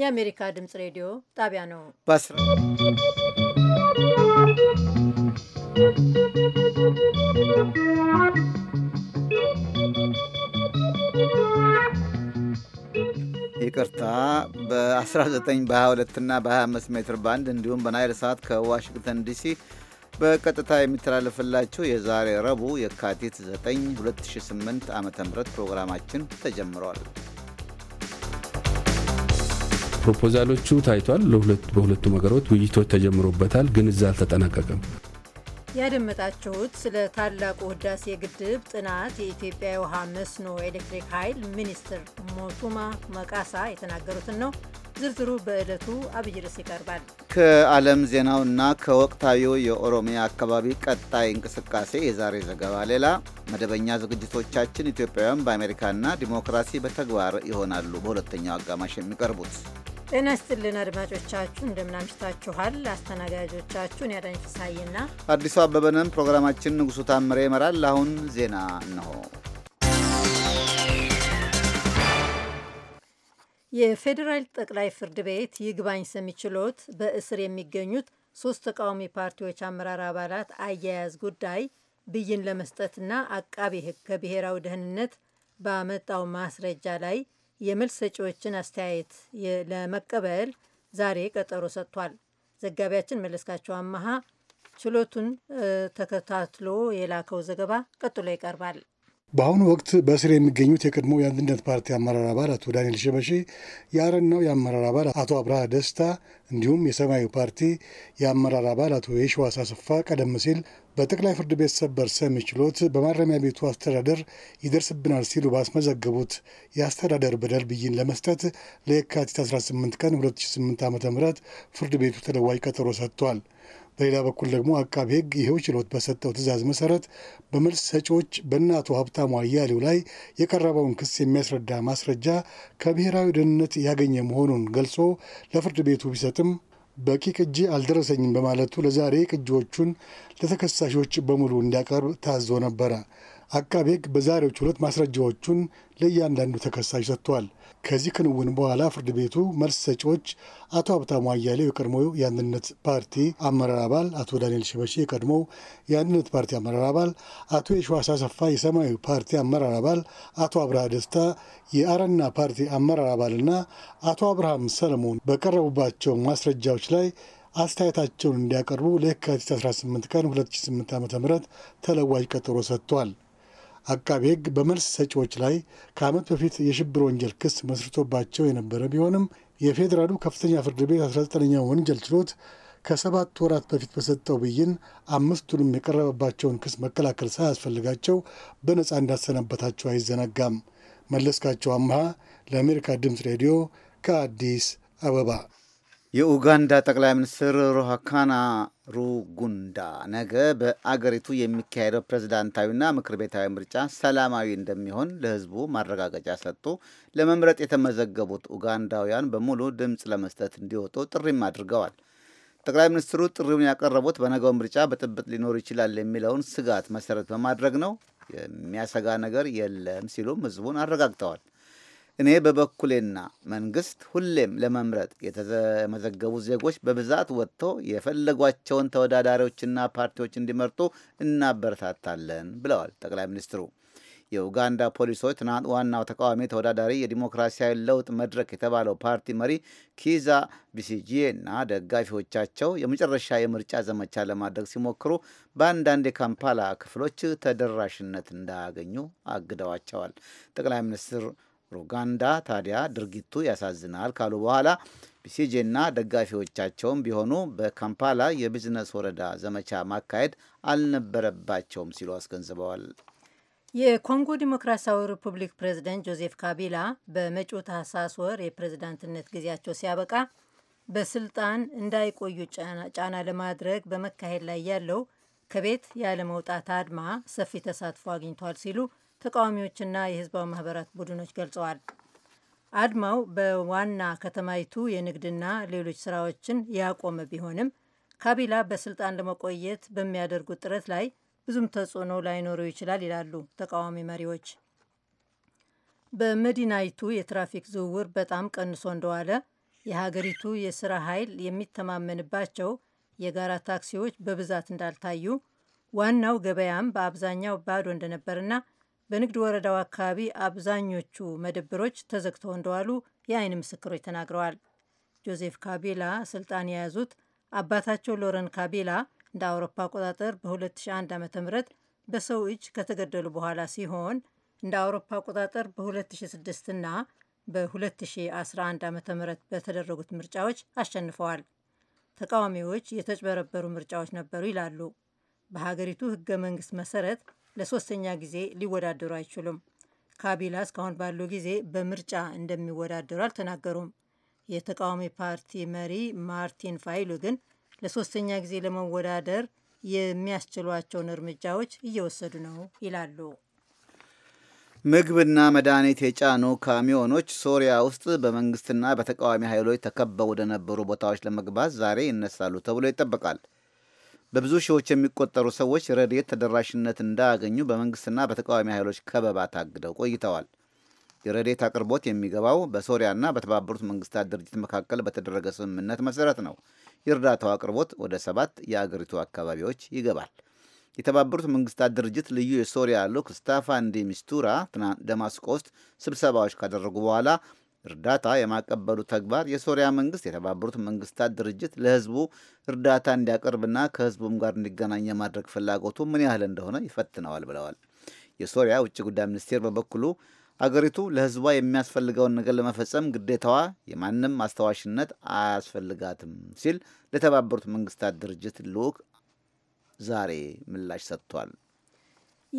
የአሜሪካ ድምጽ ሬዲዮ ጣቢያ ነው። ይቅርታ በ19 በ22 እና በ25 ሜትር ባንድ እንዲሁም በናይል ሰዓት ከዋሽንግተን ዲሲ በቀጥታ የሚተላለፍላችሁ የዛሬ ረቡዕ የካቲት 9 2008 ዓ ም ፕሮግራማችን ተጀምሯል። ፕሮፖዛሎቹ ታይቷል። በሁለቱም ሀገሮች ውይይቶች ተጀምሮበታል፣ ግን እዛ አልተጠናቀቀም። ያደመጣችሁት ስለ ታላቁ ህዳሴ ግድብ ጥናት የኢትዮጵያ የውሃ መስኖ ኤሌክትሪክ ኃይል ሚኒስትር ሞቱማ መቃሳ የተናገሩትን ነው። ዝርዝሩ በዕለቱ አብይ ርዕስ ይቀርባል። ከዓለም ዜናውና ከወቅታዊው የኦሮሚያ አካባቢ ቀጣይ እንቅስቃሴ የዛሬ ዘገባ ሌላ መደበኛ ዝግጅቶቻችን ኢትዮጵያውያን በአሜሪካና ዲሞክራሲ በተግባር ይሆናሉ። በሁለተኛው አጋማሽ የሚቀርቡት ጤና ይስጥልን አድማጮቻችሁ፣ እንደምናምሽታችኋል። አስተናጋጆቻችሁን ያዳኝ ፍስሐዬና አዲሱ አበበንን ፕሮግራማችን ንጉሱ ታምሬ ይመራል። አሁን ዜና ነው። የፌዴራል ጠቅላይ ፍርድ ቤት ይግባኝ ሰሚ ችሎት በእስር የሚገኙት ሶስት ተቃዋሚ ፓርቲዎች አመራር አባላት አያያዝ ጉዳይ ብይን ለመስጠትና አቃቤ ሕግ ከብሔራዊ ደህንነት ባመጣው ማስረጃ ላይ የመልስ ሰጪዎችን አስተያየት ለመቀበል ዛሬ ቀጠሮ ሰጥቷል። ዘጋቢያችን መለስካቸው አመሃ ችሎቱን ተከታትሎ የላከው ዘገባ ቀጥሎ ይቀርባል። በአሁኑ ወቅት በእስር የሚገኙት የቀድሞ የአንድነት ፓርቲ አመራር አባል አቶ ዳንኤል ሸበሺ፣ የአረናው የአመራር አባል አቶ አብርሃ ደስታ እንዲሁም የሰማያዊ ፓርቲ የአመራር አባል አቶ የሸዋስ አሰፋ ቀደም ሲል በጠቅላይ ፍርድ ቤት ሰበር ሰሚ ችሎት በማረሚያ ቤቱ አስተዳደር ይደርስብናል ሲሉ ባስመዘገቡት የአስተዳደር በደል ብይን ለመስጠት ለየካቲት 18 ቀን 2008 ዓ ም ፍርድ ቤቱ ተለዋጭ ቀጠሮ ሰጥቷል። በሌላ በኩል ደግሞ አቃቢ ሕግ ይኸው ችሎት በሰጠው ትዕዛዝ መሰረት በመልስ ሰጪዎች በእናቱ ሀብታሙ አያሌው ላይ የቀረበውን ክስ የሚያስረዳ ማስረጃ ከብሔራዊ ደህንነት ያገኘ መሆኑን ገልጾ ለፍርድ ቤቱ ቢሰጥም በቂ ቅጂ አልደረሰኝም በማለቱ ለዛሬ ቅጂዎቹን ለተከሳሾች በሙሉ እንዲያቀርብ ታዞ ነበረ። አቃቤ ሕግ በዛሬው ችሎት ማስረጃዎቹን ለእያንዳንዱ ተከሳሽ ሰጥቷል። ከዚህ ክንውን በኋላ ፍርድ ቤቱ መልስ ሰጪዎች አቶ ሀብታሙ አያሌው የቀድሞ የአንድነት ፓርቲ አመራር አባል፣ አቶ ዳንኤል ሽበሺ የቀድሞ የአንድነት ፓርቲ አመራር አባል፣ አቶ የሸዋስ አሰፋ የሰማያዊ ፓርቲ አመራር አባል፣ አቶ አብርሃ ደስታ የአረና ፓርቲ አመራር አባልና አቶ አብርሃም ሰለሞን በቀረቡባቸው ማስረጃዎች ላይ አስተያየታቸውን እንዲያቀርቡ ለየካቲት 18 ቀን 2008 ዓ ም ተለዋጅ ቀጠሮ ሰጥቷል። አቃቤ ሕግ በመልስ ሰጪዎች ላይ ከዓመት በፊት የሽብር ወንጀል ክስ መስርቶባቸው የነበረ ቢሆንም የፌዴራሉ ከፍተኛ ፍርድ ቤት 19ኛ ወንጀል ችሎት ከሰባት ወራት በፊት በሰጠው ብይን አምስቱንም የቀረበባቸውን ክስ መከላከል ሳያስፈልጋቸው በነፃ እንዳሰናበታቸው አይዘነጋም። መለስካቸው አምሃ ለአሜሪካ ድምፅ ሬዲዮ ከአዲስ አበባ የኡጋንዳ ጠቅላይ ሚኒስትር ሩሃካና ሩጉንዳ ነገ በአገሪቱ የሚካሄደው ፕሬዝዳንታዊና ምክር ቤታዊ ምርጫ ሰላማዊ እንደሚሆን ለሕዝቡ ማረጋገጫ ሰጡ። ለመምረጥ የተመዘገቡት ኡጋንዳውያን በሙሉ ድምፅ ለመስጠት እንዲወጡ ጥሪም አድርገዋል። ጠቅላይ ሚኒስትሩ ጥሪውን ያቀረቡት በነገው ምርጫ በጥብጥ ሊኖር ይችላል የሚለውን ስጋት መሰረት በማድረግ ነው። የሚያሰጋ ነገር የለም ሲሉም ሕዝቡን አረጋግጠዋል። እኔ በበኩሌና መንግስት ሁሌም ለመምረጥ የተመዘገቡ ዜጎች በብዛት ወጥተው የፈለጓቸውን ተወዳዳሪዎችና ፓርቲዎች እንዲመርጡ እናበረታታለን ብለዋል ጠቅላይ ሚኒስትሩ። የኡጋንዳ ፖሊሶች ትናንት ዋናው ተቃዋሚ ተወዳዳሪ የዲሞክራሲያዊ ለውጥ መድረክ የተባለው ፓርቲ መሪ ኪዛ ቢሲጂዬ እና ደጋፊዎቻቸው የመጨረሻ የምርጫ ዘመቻ ለማድረግ ሲሞክሩ በአንዳንድ የካምፓላ ክፍሎች ተደራሽነት እንዳያገኙ አግደዋቸዋል። ጠቅላይ ሚኒስትር ሩጋንዳ ታዲያ ድርጊቱ ያሳዝናል ካሉ በኋላ ቢሲጄና ደጋፊዎቻቸውም ቢሆኑ በካምፓላ የቢዝነስ ወረዳ ዘመቻ ማካሄድ አልነበረባቸውም ሲሉ አስገንዝበዋል። የኮንጎ ዲሞክራሲያዊ ሪፑብሊክ ፕሬዚደንት ጆዜፍ ካቢላ በመጪው ታህሳስ ወር የፕሬዝዳንትነት ጊዜያቸው ሲያበቃ በስልጣን እንዳይቆዩ ጫና ለማድረግ በመካሄድ ላይ ያለው ከቤት ያለመውጣት አድማ ሰፊ ተሳትፎ አግኝቷል ሲሉ ተቃዋሚዎችና የህዝባዊ ማህበራት ቡድኖች ገልጸዋል። አድማው በዋና ከተማይቱ የንግድና ሌሎች ስራዎችን ያቆመ ቢሆንም ካቢላ በስልጣን ለመቆየት በሚያደርጉት ጥረት ላይ ብዙም ተጽዕኖ ላይኖረው ይችላል ይላሉ ተቃዋሚ መሪዎች። በመዲናይቱ የትራፊክ ዝውውር በጣም ቀንሶ እንደዋለ የሀገሪቱ የስራ ኃይል የሚተማመንባቸው የጋራ ታክሲዎች በብዛት እንዳልታዩ ዋናው ገበያም በአብዛኛው ባዶ እንደነበርና በንግድ ወረዳው አካባቢ አብዛኞቹ መደብሮች ተዘግተው እንደዋሉ የአይን ምስክሮች ተናግረዋል። ጆዜፍ ካቢላ ስልጣን የያዙት አባታቸው ሎረን ካቢላ እንደ አውሮፓ አቆጣጠር በ2001 ዓ ም በሰው እጅ ከተገደሉ በኋላ ሲሆን እንደ አውሮፓ አቆጣጠር በ2006 እና በ2011 ዓ ም በተደረጉት ምርጫዎች አሸንፈዋል። ተቃዋሚዎች የተጭበረበሩ ምርጫዎች ነበሩ ይላሉ። በሀገሪቱ ህገ መንግስት መሰረት ለሶስተኛ ጊዜ ሊወዳደሩ አይችሉም። ካቢላ እስካሁን ባለው ጊዜ በምርጫ እንደሚወዳደሩ አልተናገሩም። የተቃዋሚ ፓርቲ መሪ ማርቲን ፋይሉ ግን ለሶስተኛ ጊዜ ለመወዳደር የሚያስችሏቸውን እርምጃዎች እየወሰዱ ነው ይላሉ። ምግብና መድኃኒት የጫኑ ካሚዮኖች ሶሪያ ውስጥ በመንግስትና በተቃዋሚ ኃይሎች ተከበው ወደ ነበሩ ቦታዎች ለመግባት ዛሬ ይነሳሉ ተብሎ ይጠበቃል። በብዙ ሺዎች የሚቆጠሩ ሰዎች ረድኤት ተደራሽነት እንዳያገኙ በመንግስትና በተቃዋሚ ኃይሎች ከበባ ታግደው ቆይተዋል። የረድኤት አቅርቦት የሚገባው በሶሪያና በተባበሩት መንግስታት ድርጅት መካከል በተደረገ ስምምነት መሰረት ነው። የእርዳታው አቅርቦት ወደ ሰባት የአገሪቱ አካባቢዎች ይገባል። የተባበሩት መንግስታት ድርጅት ልዩ የሶሪያ ልዑክ ስታፋን ሚስቱራ ትናንት ደማስቆ ውስጥ ስብሰባዎች ካደረጉ በኋላ እርዳታ የማቀበሉ ተግባር የሶሪያ መንግስት፣ የተባበሩት መንግስታት ድርጅት ለህዝቡ እርዳታ እንዲያቀርብና ከህዝቡም ጋር እንዲገናኝ የማድረግ ፍላጎቱ ምን ያህል እንደሆነ ይፈትነዋል ብለዋል። የሶሪያ ውጭ ጉዳይ ሚኒስቴር በበኩሉ አገሪቱ ለህዝቧ የሚያስፈልገውን ነገር ለመፈጸም ግዴታዋ የማንም አስታዋሽነት አያስፈልጋትም ሲል ለተባበሩት መንግስታት ድርጅት ልዑክ ዛሬ ምላሽ ሰጥቷል።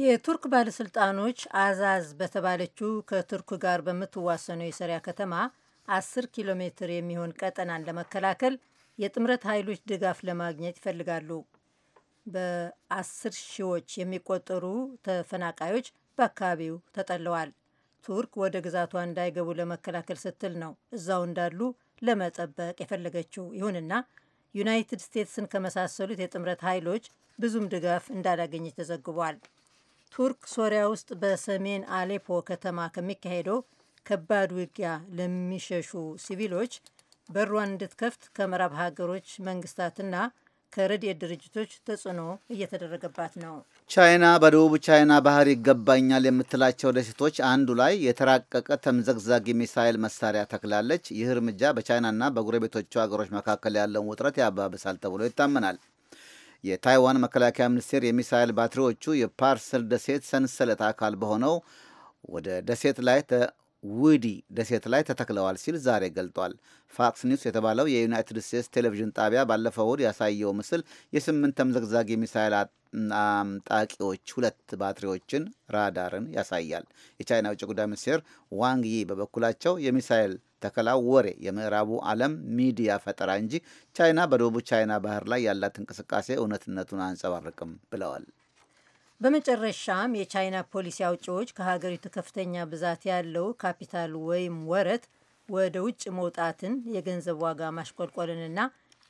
የቱርክ ባለሥልጣኖች አዛዝ በተባለችው ከቱርክ ጋር በምትዋሰነው የሰሪያ ከተማ 10 ኪሎ ሜትር የሚሆን ቀጠናን ለመከላከል የጥምረት ኃይሎች ድጋፍ ለማግኘት ይፈልጋሉ። በአስር ሺዎች የሚቆጠሩ ተፈናቃዮች በአካባቢው ተጠለዋል። ቱርክ ወደ ግዛቷ እንዳይገቡ ለመከላከል ስትል ነው እዛው እንዳሉ ለመጠበቅ የፈለገችው። ይሁንና ዩናይትድ ስቴትስን ከመሳሰሉት የጥምረት ኃይሎች ብዙም ድጋፍ እንዳላገኘች ተዘግቧል። ቱርክ ሶሪያ ውስጥ በሰሜን አሌፖ ከተማ ከሚካሄደው ከባድ ውጊያ ለሚሸሹ ሲቪሎች በሯን እንድትከፍት ከምዕራብ ሀገሮች መንግስታትና ከረድኤት ድርጅቶች ተጽዕኖ እየተደረገባት ነው። ቻይና በደቡብ ቻይና ባህር ይገባኛል የምትላቸው ደሴቶች አንዱ ላይ የተራቀቀ ተምዘግዛጊ ሚሳይል መሳሪያ ተክላለች። ይህ እርምጃ በቻይናና በጎረቤቶቹ ሀገሮች መካከል ያለውን ውጥረት ያባብሳል ተብሎ ይታመናል። የታይዋን መከላከያ ሚኒስቴር የሚሳይል ባትሪዎቹ የፓርሰል ደሴት ሰንሰለት አካል በሆነው ወደ ደሴት ላይ ውዲ ደሴት ላይ ተተክለዋል ሲል ዛሬ ገልጧል። ፋክስ ኒውስ የተባለው የዩናይትድ ስቴትስ ቴሌቪዥን ጣቢያ ባለፈው እሁድ ያሳየው ምስል የስምንት ተምዘግዛጊ የሚሳይል አምጣቂዎች ሁለት ባትሪዎችን፣ ራዳርን ያሳያል። የቻይና ውጭ ጉዳይ ሚኒስቴር ዋንግ ይ በበኩላቸው የሚሳይል ተከላው ወሬ የምዕራቡ ዓለም ሚዲያ ፈጠራ እንጂ ቻይና በደቡብ ቻይና ባህር ላይ ያላት እንቅስቃሴ እውነትነቱን አንጸባርቅም ብለዋል። በመጨረሻም የቻይና ፖሊሲ አውጪዎች ከሀገሪቱ ከፍተኛ ብዛት ያለው ካፒታል ወይም ወረት ወደ ውጭ መውጣትን፣ የገንዘብ ዋጋ ማሽቆልቆልንና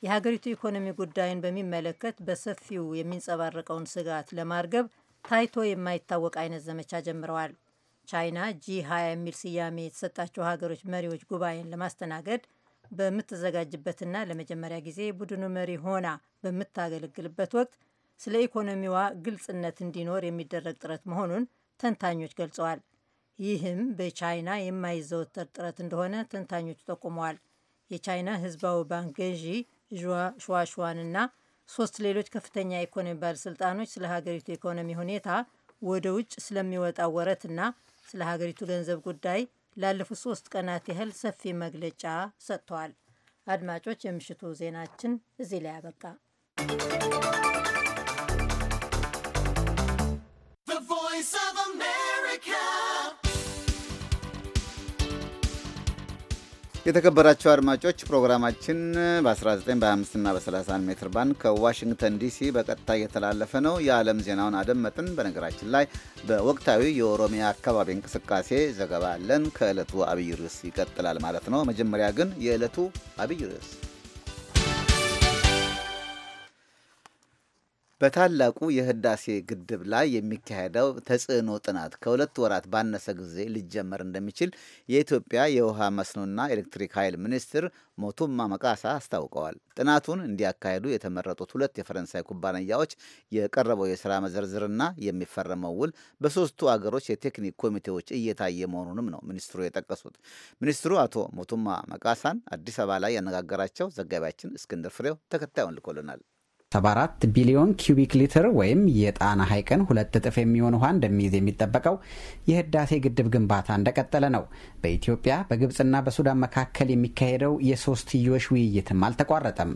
የሀገሪቱ ኢኮኖሚ ጉዳይን በሚመለከት በሰፊው የሚንጸባረቀውን ስጋት ለማርገብ ታይቶ የማይታወቅ አይነት ዘመቻ ጀምረዋል። ቻይና ጂ20 የሚል ስያሜ የተሰጣቸው ሀገሮች መሪዎች ጉባኤን ለማስተናገድ በምትዘጋጅበትና ለመጀመሪያ ጊዜ ቡድኑ መሪ ሆና በምታገለግልበት ወቅት ስለ ኢኮኖሚዋ ግልጽነት እንዲኖር የሚደረግ ጥረት መሆኑን ተንታኞች ገልጸዋል። ይህም በቻይና የማይዘወተር ጥረት እንደሆነ ተንታኞች ጠቁመዋል። የቻይና ህዝባዊ ባንክ ገዢ ሸዋሸዋንና ሶስት ሌሎች ከፍተኛ የኢኮኖሚ ባለስልጣኖች ስለ ሀገሪቱ ኢኮኖሚ ሁኔታ ወደ ውጭ ስለሚወጣ ወረትና ስለ ሀገሪቱ ገንዘብ ጉዳይ ላለፉት ሶስት ቀናት ያህል ሰፊ መግለጫ ሰጥተዋል። አድማጮች፣ የምሽቱ ዜናችን እዚህ ላይ አበቃ። የተከበራቸው አድማጮች ፕሮግራማችን በ19 በ25ና በ31 ሜትር ባንድ ከዋሽንግተን ዲሲ በቀጥታ እየተላለፈ ነው። የዓለም ዜናውን አደመጥን። በነገራችን ላይ በወቅታዊ የኦሮሚያ አካባቢ እንቅስቃሴ ዘገባ አለን። ከዕለቱ አብይ ርዕስ ይቀጥላል ማለት ነው። መጀመሪያ ግን የዕለቱ አብይ ርዕስ በታላቁ የህዳሴ ግድብ ላይ የሚካሄደው ተጽዕኖ ጥናት ከሁለት ወራት ባነሰ ጊዜ ሊጀመር እንደሚችል የኢትዮጵያ የውሃ መስኖና ኤሌክትሪክ ኃይል ሚኒስትር ሞቱማ መቃሳ አስታውቀዋል። ጥናቱን እንዲያካሄዱ የተመረጡት ሁለት የፈረንሳይ ኩባንያዎች የቀረበው የሥራ መዘርዝርና የሚፈረመው ውል በሦስቱ አገሮች የቴክኒክ ኮሚቴዎች እየታየ መሆኑንም ነው ሚኒስትሩ የጠቀሱት። ሚኒስትሩ አቶ ሞቱማ መቃሳን አዲስ አበባ ላይ ያነጋገራቸው ዘጋቢያችን እስክንድር ፍሬው ተከታዩን ልኮልናል። 74 ቢሊዮን ኪዩቢክ ሊትር ወይም የጣና ሐይቅን ሁለት እጥፍ የሚሆን ውሃ እንደሚይዝ የሚጠበቀው የህዳሴ ግድብ ግንባታ እንደቀጠለ ነው። በኢትዮጵያ በግብፅና በሱዳን መካከል የሚካሄደው የሶስትዮሽ ውይይትም አልተቋረጠም።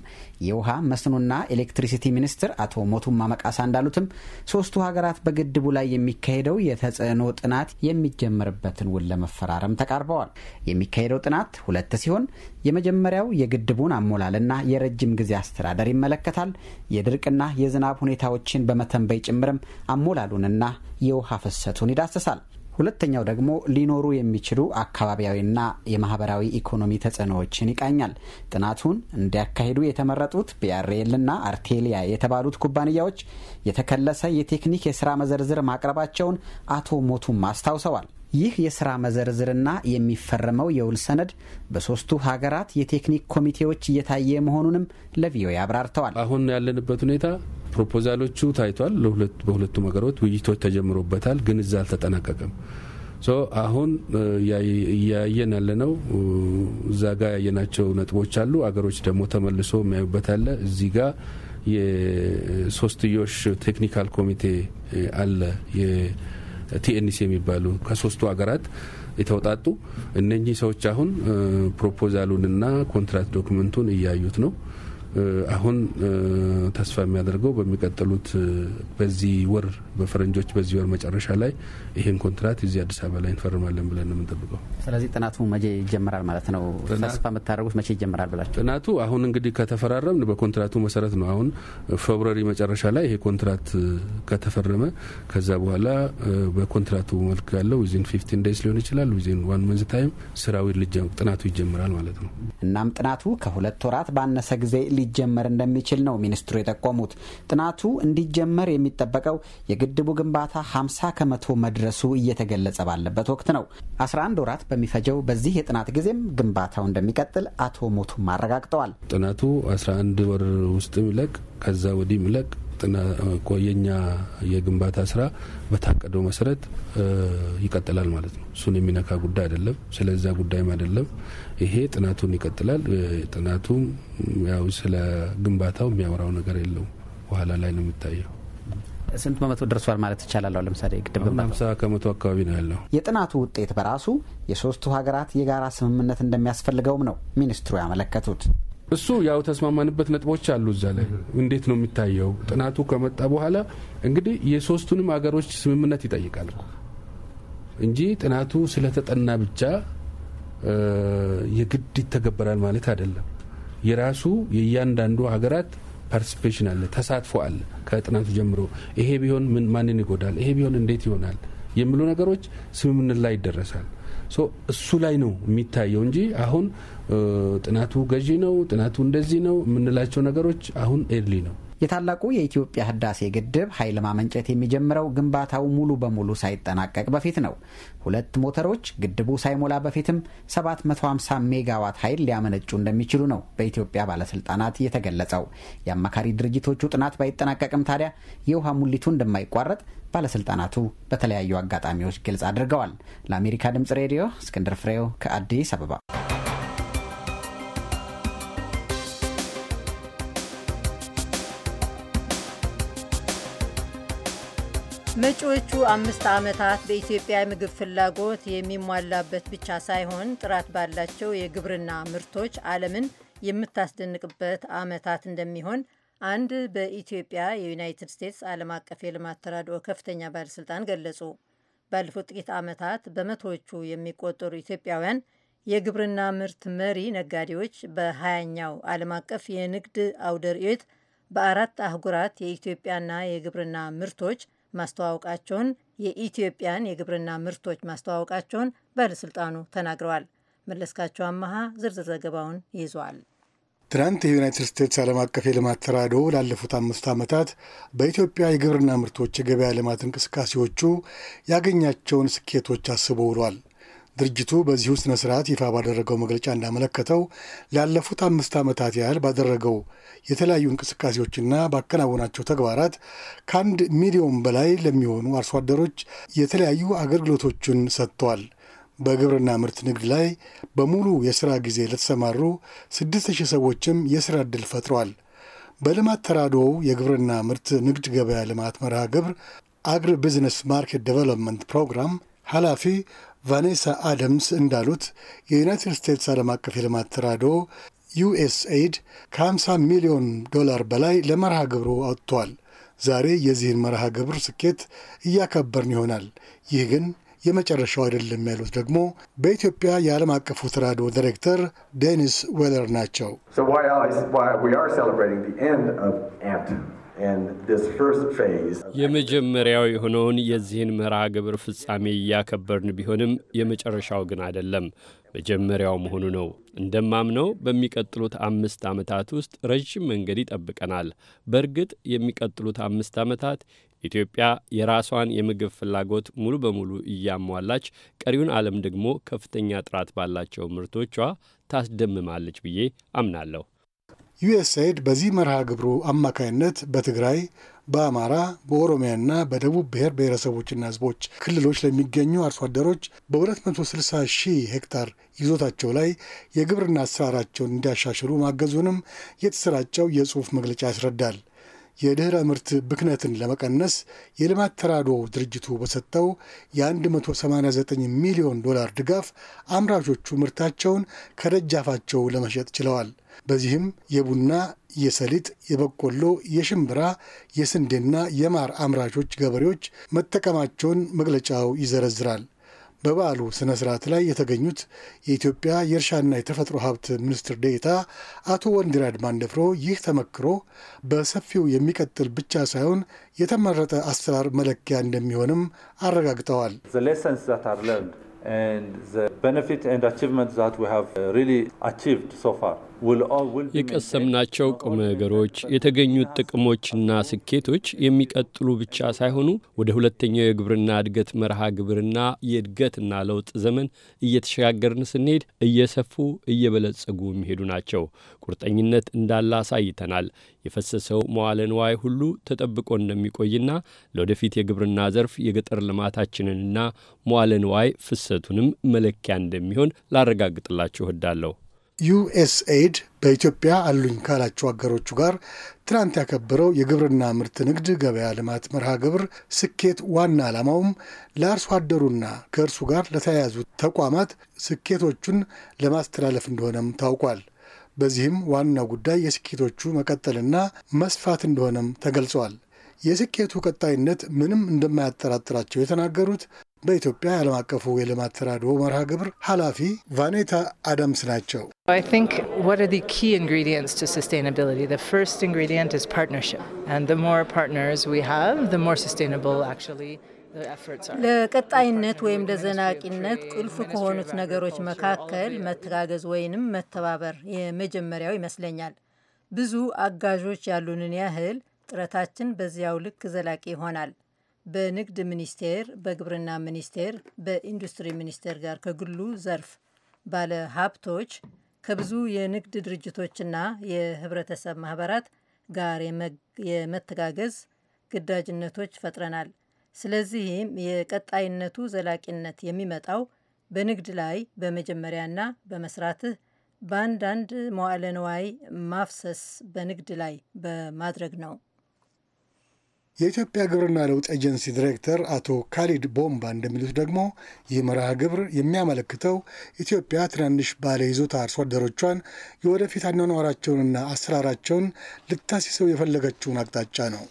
የውሃ መስኖና ኤሌክትሪሲቲ ሚኒስትር አቶ ሞቱማ መቃሳ እንዳሉትም ሶስቱ ሀገራት በግድቡ ላይ የሚካሄደው የተጽዕኖ ጥናት የሚጀመርበትን ውል ለመፈራረም ተቃርበዋል። የሚካሄደው ጥናት ሁለት ሲሆን የመጀመሪያው የግድቡን አሞላልና የረጅም ጊዜ አስተዳደር ይመለከታል። የድርቅና የዝናብ ሁኔታዎችን በመተንበይ ጭምርም አሞላሉንና የውሃ ፍሰቱን ይዳስሳል። ሁለተኛው ደግሞ ሊኖሩ የሚችሉ አካባቢያዊና የማህበራዊ ኢኮኖሚ ተጽዕኖዎችን ይቃኛል። ጥናቱን እንዲያካሂዱ የተመረጡት ቢአርኤልና አርቴሊያ የተባሉት ኩባንያዎች የተከለሰ የቴክኒክ የስራ መዘርዝር ማቅረባቸውን አቶ ሞቱም አስታውሰዋል። ይህ የስራ መዘርዝርና የሚፈረመው የውል ሰነድ በሶስቱ ሀገራት የቴክኒክ ኮሚቴዎች እየታየ መሆኑንም ለቪኦኤ አብራርተዋል። አሁን ያለንበት ሁኔታ ፕሮፖዛሎቹ ታይቷል። በሁለቱም ሀገሮች ውይይቶች ተጀምሮበታል፣ ግን እዛ አልተጠናቀቀም። አሁን እያየን ያለነው እዛ ጋ ያየናቸው ነጥቦች አሉ። አገሮች ደግሞ ተመልሶ የሚያዩበት አለ። እዚህ ጋ የሶስትዮሽ ቴክኒካል ኮሚቴ አለ ቲኤንሲ የሚባሉ ከሶስቱ ሀገራት የተውጣጡ እነኚህ ሰዎች አሁን ፕሮፖዛሉንና ኮንትራት ዶክመንቱን እያዩት ነው። አሁን ተስፋ የሚያደርገው በሚቀጥሉት በዚህ ወር በፈረንጆች በዚህ ወር መጨረሻ ላይ ይሄን ኮንትራት እዚህ አዲስ አበባ ላይ እንፈርማለን ብለን ነው የምንጠብቀው። ስለዚህ ጥናቱ መቼ ይጀምራል ማለት ነው? ተስፋ የምታደርጉት መቼ ይጀምራል ብላችሁ? ጥናቱ አሁን እንግዲህ ከተፈራረምን በኮንትራቱ መሰረት ነው። አሁን ፌብሩዋሪ መጨረሻ ላይ ይሄ ኮንትራት ከተፈረመ ከዛ በኋላ በኮንትራቱ መልክ ያለው ዊዚን ፊፍቲን ዴይስ ሊሆን ይችላል ዊዚን ዋን መንዝ ታይም ስራዊ ጥናቱ ይጀምራል ማለት ነው። እናም ጥናቱ ከሁለት ወራት ባነሰ ጊዜ ሊጀመር እንደሚችል ነው ሚኒስትሩ የጠቆሙት። ጥናቱ እንዲጀመር የሚጠበቀው የግድቡ ግንባታ 50 ከመቶ መድረሱ እየተገለጸ ባለበት ወቅት ነው። 11 ወራት በሚፈጀው በዚህ የጥናት ጊዜም ግንባታው እንደሚቀጥል አቶ ሞቱም አረጋግጠዋል። ጥናቱ 11 ወር ውስጥ ይለቅ ከዛ ወዲህ ሚለቅ የኛ የግንባታ ስራ በታቀደው መሰረት ይቀጥላል ማለት ነው። እሱን የሚነካ ጉዳይ አይደለም። ስለዛ ጉዳይም አይደለም። ይሄ ጥናቱን ይቀጥላል። ጥናቱም ያው ስለ ግንባታው የሚያወራው ነገር የለውም። በኋላ ላይ ነው የሚታየው። ስንት በመቶ ደርሷል ማለት ይቻላል? ለምሳሌ ግድብ ሀምሳ ከመቶ አካባቢ ነው ያለው። የጥናቱ ውጤት በራሱ የሶስቱ ሀገራት የጋራ ስምምነት እንደሚያስፈልገውም ነው ሚኒስትሩ ያመለከቱት። እሱ ያው ተስማማንበት ነጥቦች አሉ እዛ ላይ እንዴት ነው የሚታየው? ጥናቱ ከመጣ በኋላ እንግዲህ የሶስቱንም ሀገሮች ስምምነት ይጠይቃል እንጂ ጥናቱ ስለተጠና ብቻ የግድ ይተገበራል ማለት አይደለም። የራሱ የእያንዳንዱ ሀገራት ፓርቲሲፔሽን አለ፣ ተሳትፎ አለ ከጥናቱ ጀምሮ። ይሄ ቢሆን ማንን ይጎዳል፣ ይሄ ቢሆን እንዴት ይሆናል የሚሉ ነገሮች ስምምነት ላይ ይደረሳል። እሱ ላይ ነው የሚታየው እንጂ አሁን ጥናቱ ገዢ ነው፣ ጥናቱ እንደዚህ ነው የምንላቸው ነገሮች አሁን ኤርሊ ነው። የታላቁ የኢትዮጵያ ህዳሴ ግድብ ኃይል ማመንጨት የሚጀምረው ግንባታው ሙሉ በሙሉ ሳይጠናቀቅ በፊት ነው። ሁለት ሞተሮች ግድቡ ሳይሞላ በፊትም 750 ሜጋዋት ኃይል ሊያመነጩ እንደሚችሉ ነው በኢትዮጵያ ባለስልጣናት የተገለጸው። የአማካሪ ድርጅቶቹ ጥናት ባይጠናቀቅም ታዲያ የውሃ ሙሊቱ እንደማይቋረጥ ባለስልጣናቱ በተለያዩ አጋጣሚዎች ግልጽ አድርገዋል። ለአሜሪካ ድምጽ ሬዲዮ እስክንድር ፍሬው ከአዲስ አበባ መጪዎቹ አምስት ዓመታት በኢትዮጵያ የምግብ ፍላጎት የሚሟላበት ብቻ ሳይሆን ጥራት ባላቸው የግብርና ምርቶች ዓለምን የምታስደንቅበት ዓመታት እንደሚሆን አንድ በኢትዮጵያ የዩናይትድ ስቴትስ ዓለም አቀፍ የልማት ተራድኦ ከፍተኛ ባለሥልጣን ገለጹ። ባለፉት ጥቂት ዓመታት በመቶዎቹ የሚቆጠሩ ኢትዮጵያውያን የግብርና ምርት መሪ ነጋዴዎች በሀያኛው ዓለም አቀፍ የንግድ አውደ ርዕይ በአራት አህጉራት የኢትዮጵያና የግብርና ምርቶች ማስተዋወቃቸውን የኢትዮጵያን የግብርና ምርቶች ማስተዋወቃቸውን ባለስልጣኑ ተናግረዋል። መለስካቸው አመሃ ዝርዝር ዘገባውን ይዟል። ትናንት የዩናይትድ ስቴትስ ዓለም አቀፍ የልማት ተራድኦ ላለፉት አምስት ዓመታት በኢትዮጵያ የግብርና ምርቶች የገበያ ልማት እንቅስቃሴዎቹ ያገኛቸውን ስኬቶች አስቦ ውሏል። ድርጅቱ በዚሁ ስነ ስርዓት ይፋ ባደረገው መግለጫ እንዳመለከተው ላለፉት አምስት ዓመታት ያህል ባደረገው የተለያዩ እንቅስቃሴዎችና ባከናወናቸው ተግባራት ከአንድ ሚሊዮን በላይ ለሚሆኑ አርሶ አደሮች የተለያዩ አገልግሎቶችን ሰጥቷል። በግብርና ምርት ንግድ ላይ በሙሉ የሥራ ጊዜ ለተሰማሩ ስድስት ሺህ ሰዎችም የሥራ ዕድል ፈጥሯል። በልማት ተራድኦው የግብርና ምርት ንግድ ገበያ ልማት መርሃ ግብር አግሪ ቢዝነስ ማርኬት ዴቨሎፕመንት ፕሮግራም ኃላፊ ቫኔሳ አደምስ እንዳሉት የዩናይትድ ስቴትስ ዓለም አቀፍ የልማት ተራድኦ ዩኤስኤድ ከ50 ሚሊዮን ዶላር በላይ ለመርሃ ግብሩ አውጥቷል። ዛሬ የዚህን መርሃ ግብር ስኬት እያከበርን ይሆናል። ይህ ግን የመጨረሻው አይደለም ያሉት ደግሞ በኢትዮጵያ የዓለም አቀፉ ተራድኦ ዲሬክተር ዴኒስ ዌለር ናቸው። የመጀመሪያው የሆነውን የዚህን መርሃ ግብር ፍጻሜ እያከበርን ቢሆንም የመጨረሻው ግን አይደለም፣ መጀመሪያው መሆኑ ነው። እንደማምነው በሚቀጥሉት አምስት ዓመታት ውስጥ ረዥም መንገድ ይጠብቀናል። በእርግጥ የሚቀጥሉት አምስት ዓመታት ኢትዮጵያ የራሷን የምግብ ፍላጎት ሙሉ በሙሉ እያሟላች ቀሪውን ዓለም ደግሞ ከፍተኛ ጥራት ባላቸው ምርቶቿ ታስደምማለች ብዬ አምናለሁ። ዩኤስአይድ በዚህ መርሃ ግብሩ አማካይነት በትግራይ በአማራ በኦሮሚያና በደቡብ ብሔር ብሔረሰቦችና ሕዝቦች ክልሎች ለሚገኙ አርሶ አደሮች በ260 ሺህ ሄክታር ይዞታቸው ላይ የግብርና አሰራራቸውን እንዲያሻሽሉ ማገዙንም የተሰራጨው የጽሑፍ መግለጫ ያስረዳል። የድኅረ ምርት ብክነትን ለመቀነስ የልማት ተራድኦ ድርጅቱ በሰጠው የ189 ሚሊዮን ዶላር ድጋፍ አምራቾቹ ምርታቸውን ከደጃፋቸው ለመሸጥ ችለዋል። በዚህም የቡና፣ የሰሊጥ፣ የበቆሎ፣ የሽምብራ፣ የስንዴና የማር አምራቾች ገበሬዎች መጠቀማቸውን መግለጫው ይዘረዝራል። በበዓሉ ስነ ስርዓት ላይ የተገኙት የኢትዮጵያ የእርሻና የተፈጥሮ ሀብት ሚኒስትር ዴኤታ አቶ ወንዲራድ ማንደፍሮ ይህ ተመክሮ በሰፊው የሚቀጥል ብቻ ሳይሆን የተመረጠ አሰራር መለኪያ እንደሚሆንም አረጋግጠዋል። የቀሰምናቸው ቁም ነገሮች የተገኙት ጥቅሞችና ስኬቶች የሚቀጥሉ ብቻ ሳይሆኑ ወደ ሁለተኛው የግብርና እድገት መርሃ ግብርና የእድገትና ለውጥ ዘመን እየተሸጋገርን ስንሄድ እየሰፉ እየበለጸጉ የሚሄዱ ናቸው። ቁርጠኝነት እንዳለ አሳይተናል። የፈሰሰው መዋለ ንዋይ ሁሉ ተጠብቆ እንደሚቆይና ለወደፊት የግብርና ዘርፍ የገጠር ልማታችንንና መዋለ ንዋይ ፍሰቱንም መለኪያ እንደሚሆን ላረጋግጥላችሁ እወዳለሁ። ዩኤስኤድ በኢትዮጵያ አሉኝ ካላቸው አገሮቹ ጋር ትናንት ያከበረው የግብርና ምርት ንግድ ገበያ ልማት መርሃ ግብር ስኬት ዋና ዓላማውም ለአርሶ አደሩና ከእርሱ ጋር ለተያያዙ ተቋማት ስኬቶቹን ለማስተላለፍ እንደሆነም ታውቋል። በዚህም ዋናው ጉዳይ የስኬቶቹ መቀጠልና መስፋት እንደሆነም ተገልጸዋል። የስኬቱ ቀጣይነት ምንም እንደማያጠራጥራቸው የተናገሩት በኢትዮጵያ የዓለም አቀፉ የልማት ተራድኦ መርሃ ግብር ኃላፊ ቫኔታ አዳምስ ናቸው። ለቀጣይነት ወይም ለዘናቂነት ቁልፍ ከሆኑት ነገሮች መካከል መተጋገዝ ወይንም መተባበር የመጀመሪያው ይመስለኛል። ብዙ አጋዦች ያሉንን ያህል ጥረታችን በዚያው ልክ ዘላቂ ይሆናል። በንግድ ሚኒስቴር፣ በግብርና ሚኒስቴር፣ በኢንዱስትሪ ሚኒስቴር ጋር ከግሉ ዘርፍ ባለ ሀብቶች ከብዙ የንግድ ድርጅቶችና የህብረተሰብ ማህበራት ጋር የመተጋገዝ ግዳጅነቶች ፈጥረናል። ስለዚህም የቀጣይነቱ ዘላቂነት የሚመጣው በንግድ ላይ በመጀመሪያና በመስራትህ በአንዳንድ መዋለ ንዋይ ማፍሰስ በንግድ ላይ በማድረግ ነው። የኢትዮጵያ ግብርና ለውጥ ኤጀንሲ ዲሬክተር አቶ ካሊድ ቦምባ እንደሚሉት ደግሞ ይህ መርሃ ግብር የሚያመለክተው ኢትዮጵያ ትናንሽ ባለ ይዞታ አርሶ አደሮቿን የወደፊት አኗኗራቸውንና አሰራራቸውን ልታሲሰው የፈለገችውን አቅጣጫ ነው።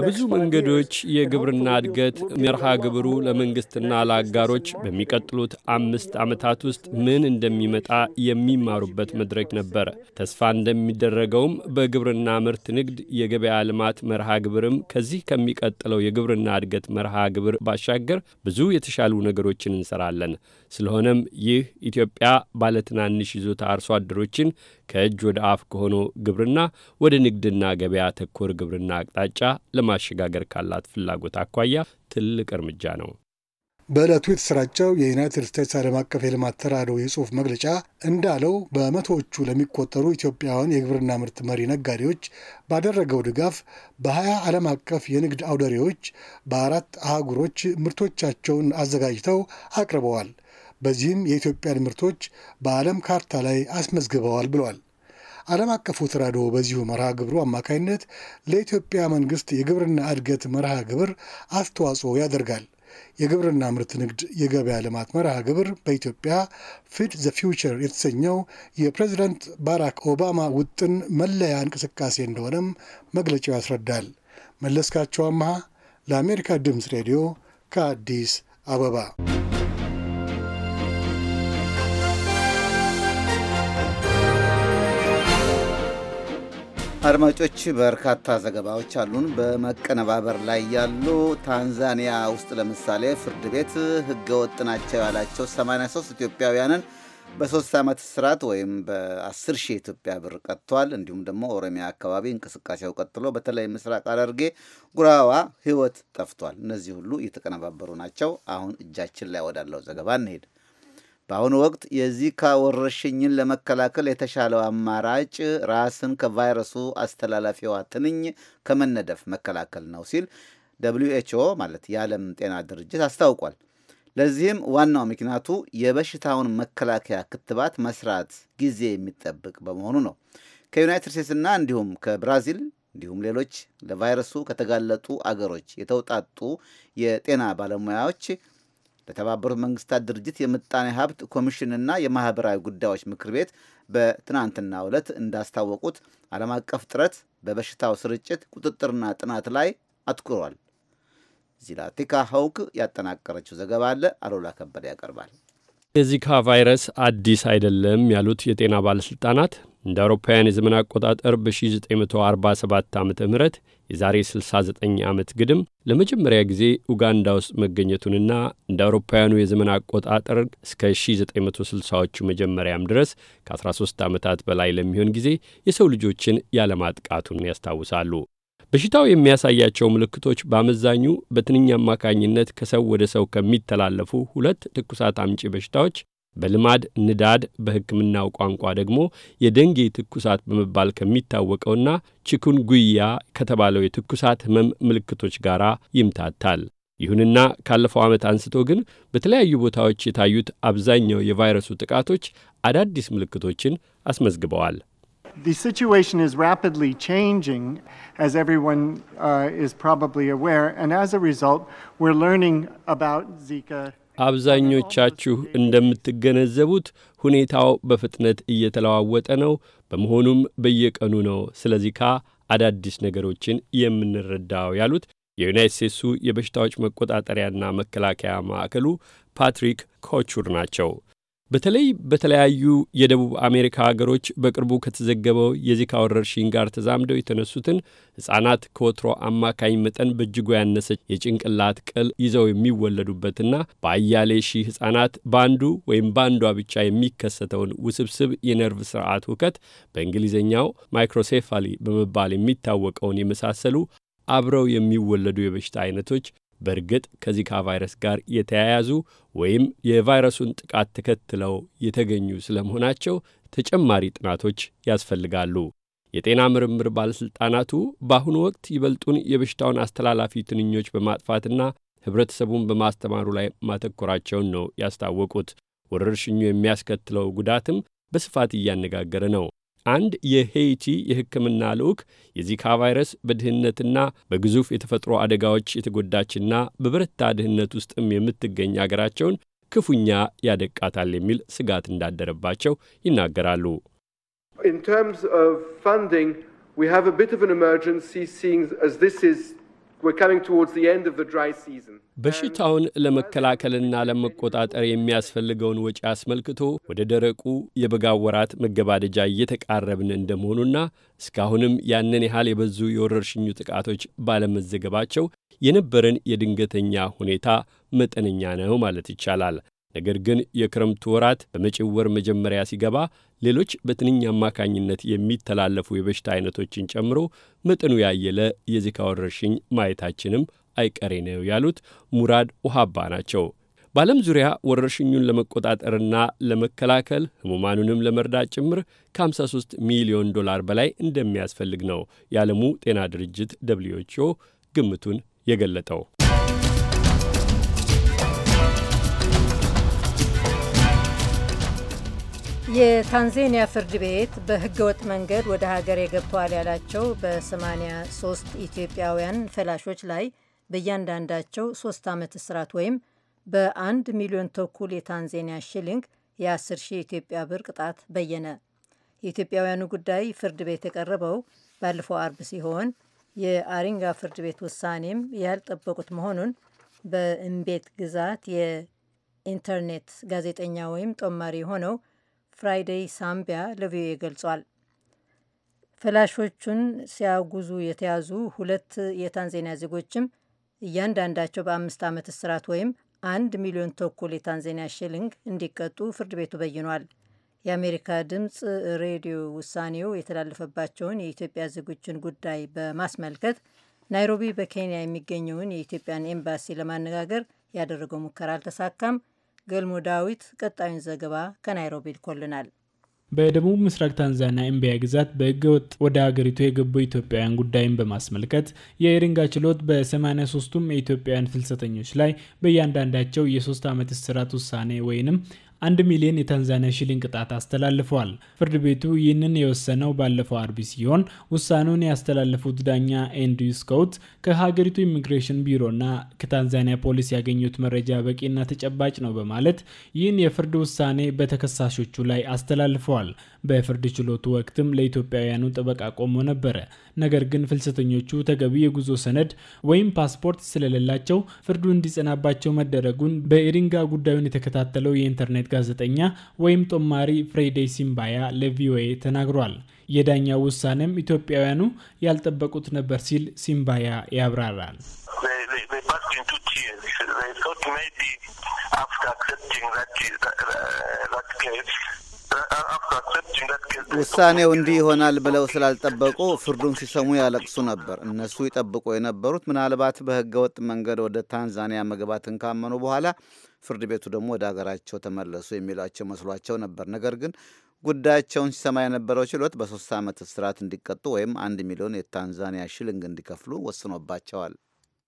በብዙ መንገዶች የግብርና እድገት መርሃ ግብሩ ለመንግስትና ለአጋሮች በሚቀጥሉት አምስት ዓመታት ውስጥ ምን እንደሚመጣ የሚማሩበት መድረክ ነበረ። ተስፋ እንደሚደረገውም በግብርና ምርት ንግድ፣ የገበያ ልማት መርሃ ግብርም ከዚህ ከሚቀጥለው የግብርና እድገት መርሃ ግብር ባሻገር ብዙ የተሻሉ ነገሮችን እንሰራለን። ስለሆነም ይህ ኢትዮጵያ ባለትናንሽ ይዞታ አርሶ አደሮችን ከእጅ ወደ አፍ ከሆነው ግብርና ወደ ንግድና ገበያ ተኮር ግብርና አቅጣጫ ለማሸጋገር ካላት ፍላጎት አኳያ ትልቅ እርምጃ ነው። በዕለቱ የተሰራጨው የዩናይትድ ስቴትስ ዓለም አቀፍ የልማት ተራድኦ የጽሑፍ መግለጫ እንዳለው በመቶዎቹ ለሚቆጠሩ ኢትዮጵያውያን የግብርና ምርት መሪ ነጋዴዎች ባደረገው ድጋፍ በ20 ዓለም አቀፍ የንግድ አውደሬዎች በአራት አህጉሮች ምርቶቻቸውን አዘጋጅተው አቅርበዋል። በዚህም የኢትዮጵያን ምርቶች በዓለም ካርታ ላይ አስመዝግበዋል ብሏል። ዓለም አቀፉ ተራድኦ በዚሁ መርሃ ግብሩ አማካይነት ለኢትዮጵያ መንግስት የግብርና እድገት መርሃ ግብር አስተዋጽኦ ያደርጋል። የግብርና ምርት ንግድ የገበያ ልማት መርሃ ግብር በኢትዮጵያ ፊድ ዘ ፊውቸር የተሰኘው የፕሬዚዳንት ባራክ ኦባማ ውጥን መለያ እንቅስቃሴ እንደሆነም መግለጫው ያስረዳል። መለስካቸው አመሃ ለአሜሪካ ድምፅ ሬዲዮ ከአዲስ አበባ አድማጮች በርካታ ዘገባዎች አሉን በመቀነባበር ላይ ያሉ። ታንዛኒያ ውስጥ ለምሳሌ ፍርድ ቤት ህገወጥ ናቸው ያላቸው 83 ኢትዮጵያውያንን በሶስት ዓመት እስራት ወይም በ10 ሺህ ኢትዮጵያ ብር ቀጥቷል። እንዲሁም ደግሞ ኦሮሚያ አካባቢ እንቅስቃሴው ቀጥሎ በተለይ ምስራቅ ሐረርጌ ጉራዋ ህይወት ጠፍቷል። እነዚህ ሁሉ እየተቀነባበሩ ናቸው። አሁን እጃችን ላይ ወዳለው ዘገባ እንሄድ። በአሁኑ ወቅት የዚካ ወረርሽኝን ለመከላከል የተሻለው አማራጭ ራስን ከቫይረሱ አስተላላፊዋ ትንኝ ከመነደፍ መከላከል ነው ሲል ደብሊዩ ኤችኦ ማለት የዓለም ጤና ድርጅት አስታውቋል። ለዚህም ዋናው ምክንያቱ የበሽታውን መከላከያ ክትባት መስራት ጊዜ የሚጠብቅ በመሆኑ ነው። ከዩናይትድ ስቴትስና እንዲሁም ከብራዚል እንዲሁም ሌሎች ለቫይረሱ ከተጋለጡ አገሮች የተውጣጡ የጤና ባለሙያዎች በተባበሩት መንግስታት ድርጅት የምጣኔ ሀብት ኮሚሽንና የማህበራዊ ጉዳዮች ምክር ቤት በትናንትና ዕለት እንዳስታወቁት ዓለም አቀፍ ጥረት በበሽታው ስርጭት ቁጥጥርና ጥናት ላይ አትኩሯል። ዚላቲካ ሀውክ ያጠናቀረችው ዘገባ አለ አሉላ ከበደ ያቀርባል። የዚካ ቫይረስ አዲስ አይደለም ያሉት የጤና ባለሥልጣናት እንደ አውሮፓውያን የዘመን አቆጣጠር በ1947 ዓ ም የዛሬ 69 ዓመት ግድም ለመጀመሪያ ጊዜ ኡጋንዳ ውስጥ መገኘቱንና እንደ አውሮፓውያኑ የዘመን አቆጣጠር እስከ 1960ዎቹ መጀመሪያም ድረስ ከ13 ዓመታት በላይ ለሚሆን ጊዜ የሰው ልጆችን ያለማጥቃቱን ያስታውሳሉ። በሽታው የሚያሳያቸው ምልክቶች በአመዛኙ በትንኝ አማካኝነት ከሰው ወደ ሰው ከሚተላለፉ ሁለት ትኩሳት አምጪ በሽታዎች በልማድ ንዳድ በሕክምናው ቋንቋ ደግሞ የደንጌ ትኩሳት በመባል ከሚታወቀውና ቺኩንጉያ ከተባለው የትኩሳት ህመም ምልክቶች ጋር ይምታታል። ይሁንና ካለፈው ዓመት አንስቶ ግን በተለያዩ ቦታዎች የታዩት አብዛኛው የቫይረሱ ጥቃቶች አዳዲስ ምልክቶችን አስመዝግበዋል። The situation is rapidly changing, as everyone uh, is probably aware, and as a result, we're learning about Zika. አብዛኞቻችሁ እንደምትገነዘቡት ሁኔታው በፍጥነት እየተለዋወጠ ነው። በመሆኑም በየቀኑ ነው ስለ ዚካ አዳዲስ ነገሮችን የምንረዳው ያሉት የዩናይት ስቴትሱ የበሽታዎች መቆጣጠሪያና መከላከያ ማዕከሉ ፓትሪክ ኮቹር ናቸው። በተለይ በተለያዩ የደቡብ አሜሪካ አገሮች በቅርቡ ከተዘገበው የዚካ ወረርሽኝ ጋር ተዛምደው የተነሱትን ሕፃናት ከወትሮ አማካኝ መጠን በእጅጉ ያነሰች የጭንቅላት ቅል ይዘው የሚወለዱበትና በአያሌ ሺህ ሕፃናት በአንዱ ወይም በአንዷ ብቻ የሚከሰተውን ውስብስብ የነርቭ ስርዓት ውከት በእንግሊዝኛው ማይክሮሴፋሊ በመባል የሚታወቀውን የመሳሰሉ አብረው የሚወለዱ የበሽታ አይነቶች በእርግጥ ከዚካ ቫይረስ ጋር የተያያዙ ወይም የቫይረሱን ጥቃት ተከትለው የተገኙ ስለመሆናቸው ተጨማሪ ጥናቶች ያስፈልጋሉ። የጤና ምርምር ባለሥልጣናቱ በአሁኑ ወቅት ይበልጡን የበሽታውን አስተላላፊ ትንኞች በማጥፋትና ኅብረተሰቡን በማስተማሩ ላይ ማተኮራቸውን ነው ያስታወቁት። ወረርሽኙ የሚያስከትለው ጉዳትም በስፋት እያነጋገረ ነው። አንድ የሄይቲ የሕክምና ልዑክ የዚካ ቫይረስ በድህነትና በግዙፍ የተፈጥሮ አደጋዎች የተጎዳችና በበረታ ድህነት ውስጥም የምትገኝ አገራቸውን ክፉኛ ያደቃታል የሚል ስጋት እንዳደረባቸው ይናገራሉ። In terms of funding, we have a bit of an emergency seeing as this is በሽታውን ለመከላከልና ለመቆጣጠር የሚያስፈልገውን ወጪ አስመልክቶ ወደ ደረቁ የበጋ ወራት መገባደጃ እየተቃረብን እንደመሆኑና እስካሁንም ያንን ያህል የበዙ የወረርሽኙ ጥቃቶች ባለመዘገባቸው የነበረን የድንገተኛ ሁኔታ መጠነኛ ነው ማለት ይቻላል። ነገር ግን የክረምቱ ወራት በመጪው ወር መጀመሪያ ሲገባ ሌሎች በትንኝ አማካኝነት የሚተላለፉ የበሽታ አይነቶችን ጨምሮ መጠኑ ያየለ የዚካ ወረርሽኝ ማየታችንም አይቀሬ ነው ያሉት ሙራድ ውሃባ ናቸው። በዓለም ዙሪያ ወረርሽኙን ለመቆጣጠርና ለመከላከል ህሙማኑንም ለመርዳት ጭምር ከ53 ሚሊዮን ዶላር በላይ እንደሚያስፈልግ ነው የዓለሙ ጤና ድርጅት ደብልዩ ኤች ኦ ግምቱን የገለጠው። የታንዜኒያ ፍርድ ቤት በህገወጥ መንገድ ወደ ሀገር የገብተዋል ያላቸው በ83 ኢትዮጵያውያን ፈላሾች ላይ በእያንዳንዳቸው ሶስት ዓመት እስራት ወይም በአንድ ሚሊዮን ተኩል የታንዜኒያ ሽሊንግ የ10 ኢትዮጵያ ብር ቅጣት በየነ። የኢትዮጵያውያኑ ጉዳይ ፍርድ ቤት የቀረበው ባለፈው አርብ ሲሆን የአሪንጋ ፍርድ ቤት ውሳኔም ያልጠበቁት መሆኑን በእምቤት ግዛት የኢንተርኔት ጋዜጠኛ ወይም ጦማሪ የሆነው ፍራይዴይ ሳምቢያ ለቪኦኤ ገልጿል። ፈላሾቹን ሲያጉዙ የተያዙ ሁለት የታንዛኒያ ዜጎችም እያንዳንዳቸው በአምስት ዓመት እስራት ወይም አንድ ሚሊዮን ተኩል የታንዛኒያ ሽልንግ እንዲቀጡ ፍርድ ቤቱ በይኗል። የአሜሪካ ድምፅ ሬዲዮ ውሳኔው የተላለፈባቸውን የኢትዮጵያ ዜጎችን ጉዳይ በማስመልከት ናይሮቢ በኬንያ የሚገኘውን የኢትዮጵያን ኤምባሲ ለማነጋገር ያደረገው ሙከራ አልተሳካም። ገልሞ ዳዊት ቀጣዩን ዘገባ ከናይሮቢ ልኮልናል። በደቡብ ምስራቅ ታንዛኒያ ኤምቢያ ግዛት በህገወጥ ወደ ሀገሪቱ የገቡ ኢትዮጵያውያን ጉዳይን በማስመልከት የኢሪንጋ ችሎት በ83ቱም የኢትዮጵያውያን ፍልሰተኞች ላይ በእያንዳንዳቸው የሶስት ዓመት እስራት ውሳኔ ወይንም አንድ ሚሊዮን የታንዛኒያ ሺሊንግ ቅጣት አስተላልፈዋል። ፍርድ ቤቱ ይህንን የወሰነው ባለፈው አርቢ ሲሆን ውሳኔውን ያስተላለፉት ዳኛ ኤንድሪው ስኮት ከሀገሪቱ ኢሚግሬሽን ቢሮና ከታንዛኒያ ፖሊስ ያገኙት መረጃ በቂና ተጨባጭ ነው በማለት ይህን የፍርድ ውሳኔ በተከሳሾቹ ላይ አስተላልፈዋል። በፍርድ ችሎቱ ወቅትም ለኢትዮጵያውያኑ ጥበቃ ቆሞ ነበረ። ነገር ግን ፍልሰተኞቹ ተገቢ የጉዞ ሰነድ ወይም ፓስፖርት ስለሌላቸው ፍርዱ እንዲጸናባቸው መደረጉን በኢሪንጋ ጉዳዩን የተከታተለው የኢንተርኔት ጋዜጠኛ ወይም ጦማሪ ፍሬዴ ሲምባያ ለቪኦኤ ተናግሯል። የዳኛው ውሳኔም ኢትዮጵያውያኑ ያልጠበቁት ነበር ሲል ሲምባያ ያብራራል። ውሳኔው እንዲህ ይሆናል ብለው ስላልጠበቁ ፍርዱን ሲሰሙ ያለቅሱ ነበር። እነሱ ይጠብቁ የነበሩት ምናልባት በህገወጥ መንገድ ወደ ታንዛኒያ መግባትን ካመኑ በኋላ ፍርድ ቤቱ ደግሞ ወደ ሀገራቸው ተመለሱ የሚሏቸው መስሏቸው ነበር። ነገር ግን ጉዳያቸውን ሲሰማ የነበረው ችሎት በሶስት ዓመት እስራት እንዲቀጡ ወይም አንድ ሚሊዮን የታንዛኒያ ሽልንግ እንዲከፍሉ ወስኖባቸዋል።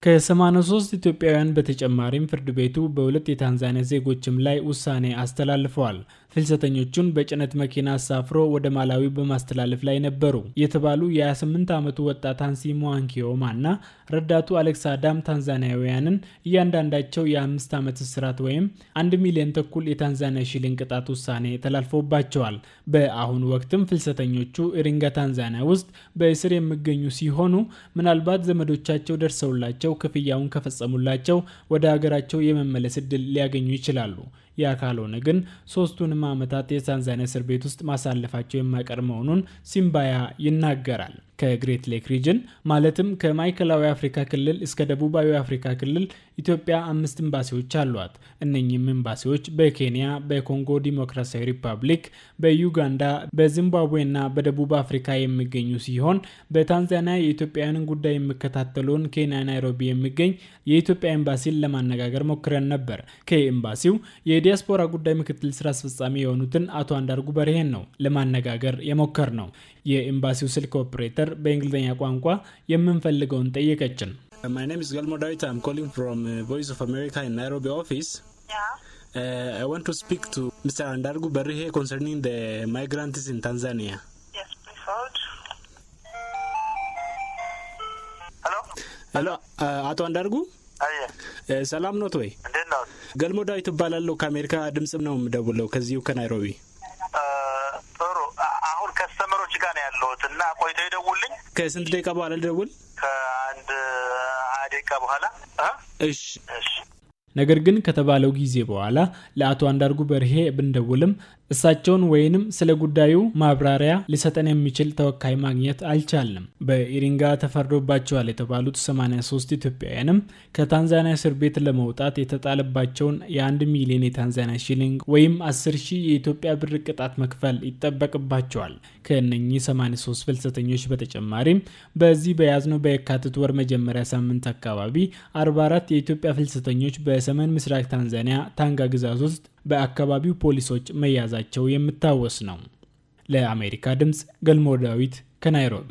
ከ83 ኢትዮጵያውያን በተጨማሪም ፍርድ ቤቱ በሁለት የታንዛኒያ ዜጎችም ላይ ውሳኔ አስተላልፈዋል። ፍልሰተኞቹን በጭነት መኪና አሳፍሮ ወደ ማላዊ በማስተላለፍ ላይ ነበሩ የተባሉ የ28 ዓመቱ ወጣት አንሲ ሙዋንኪዮማ እና ረዳቱ አሌክስ አዳም ታንዛኒያውያንን እያንዳንዳቸው የአምስት ዓመት እስራት ወይም አንድ ሚሊዮን ተኩል የታንዛኒያ ሺሊንግ ቅጣት ውሳኔ ተላልፎባቸዋል። በአሁኑ ወቅትም ፍልሰተኞቹ ኢሪንጋ ታንዛኒያ ውስጥ በእስር የሚገኙ ሲሆኑ ምናልባት ዘመዶቻቸው ደርሰውላቸው ክፍያውን ከፈጸሙላቸው ወደ ሀገራቸው የመመለስ እድል ሊያገኙ ይችላሉ። ያ ካልሆነ ግን ሶስቱንም ዓመታት የታንዛኒያ እስር ቤት ውስጥ ማሳለፋቸው የማይቀር መሆኑን ሲምባያ ይናገራል። ከግሬት ሌክ ሪጅን ማለትም ከማዕከላዊ አፍሪካ ክልል እስከ ደቡባዊ አፍሪካ ክልል ኢትዮጵያ አምስት ኤምባሲዎች አሏት። እነኚህም ኤምባሲዎች በኬንያ፣ በኮንጎ ዲሞክራሲያዊ ሪፐብሊክ፣ በዩጋንዳ፣ በዚምባብዌና በደቡብ አፍሪካ የሚገኙ ሲሆን በታንዛኒያ የኢትዮጵያውያንን ጉዳይ የሚከታተሉን ኬንያ ናይሮቢ የሚገኝ የኢትዮጵያ ኤምባሲን ለማነጋገር ሞክረን ነበር። ከኤምባሲው የዲያስፖራ ጉዳይ ምክትል ስራ አስፈጻሚ የሆኑትን አቶ አንዳርጉ በርሄን ነው ለማነጋገር የሞከር ነው። የኤምባሲው ስልክ ኦፕሬተር በእንግሊዝኛ ቋንቋ የምንፈልገውን ጠየቀችን። My name is Galmo Darita. I'm calling from uh, Voice of America in Nairobi office. Yeah. Uh, I want to speak to Mr. Andargu Berrihe concerning the migrants in Tanzania. Yes, please hold. Hello? Hello, uh, አቶ አንዳርጉ ሰላም ኖት ወይ? እንዴት ነው? ገልሞ ዳዊት እባላለሁ ከአሜሪካ ድምጽ ነው የምደውለው ከዚሁ ከናይሮቢ ጋር ነው ያለሁት እና ቆይቶ ይደውልኝ። ከስንት ደቂቃ በኋላ ልደውል? ከአንድ ደቂቃ በኋላ። እሺ ነገር ግን ከተባለው ጊዜ በኋላ ለአቶ አንዳርጉ በርሄ ብንደውልም እሳቸውን ወይንም ስለ ጉዳዩ ማብራሪያ ሊሰጠን የሚችል ተወካይ ማግኘት አልቻልንም። በኢሪንጋ ተፈርዶባቸዋል የተባሉት 83 ኢትዮጵያውያንም ከታንዛኒያ እስር ቤት ለመውጣት የተጣለባቸውን የ1 ሚሊዮን የታንዛኒያ ሺሊንግ ወይም 10 ሺህ የኢትዮጵያ ብር ቅጣት መክፈል ይጠበቅባቸዋል። ከእነኚህ 83 ፍልሰተኞች በተጨማሪም በዚህ በያዝነው በየካቲት ወር መጀመሪያ ሳምንት አካባቢ 44 የኢትዮጵያ ፍልሰተኞች በሰሜን ምስራቅ ታንዛኒያ ታንጋ ግዛት ውስጥ በአካባቢው ፖሊሶች መያዛቸው የሚታወስ ነው። ለአሜሪካ ድምፅ ገልሞ ዳዊት ከናይሮቢ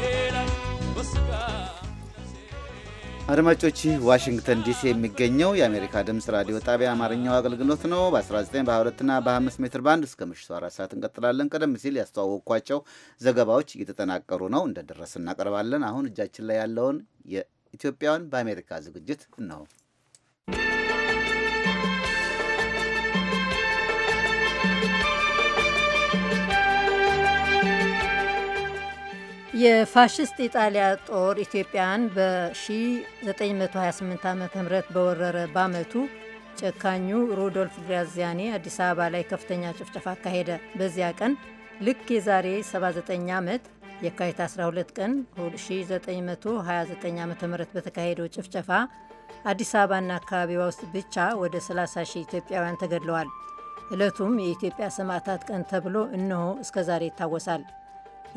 አድማጮች ይህ ዋሽንግተን ዲሲ የሚገኘው የአሜሪካ ድምፅ ራዲዮ ጣቢያ አማርኛው አገልግሎት ነው። በ19 በ22ና በ25 ሜትር ባንድ እስከ ምሽቱ አራት ሰዓት እንቀጥላለን። ቀደም ሲል ያስተዋወቅኳቸው ዘገባዎች እየተጠናቀሩ ነው፣ እንደደረስ እናቀርባለን። አሁን እጃችን ላይ ያለውን የኢትዮጵያውያን በአሜሪካ ዝግጅት ነው። የፋሽስት ኢጣሊያ ጦር ኢትዮጵያን በ1928 ዓ ም በወረረ በአመቱ ጨካኙ ሮዶልፍ ግራዚያኒ አዲስ አበባ ላይ ከፍተኛ ጭፍጨፋ አካሄደ። በዚያ ቀን ልክ የዛሬ 79 ዓመት የካቲት 12 ቀን 1929 ዓ ም በተካሄደው ጭፍጨፋ አዲስ አበባና አካባቢዋ ውስጥ ብቻ ወደ 30 ሺህ ኢትዮጵያውያን ተገድለዋል። ዕለቱም የኢትዮጵያ ሰማዕታት ቀን ተብሎ እነሆ እስከ ዛሬ ይታወሳል።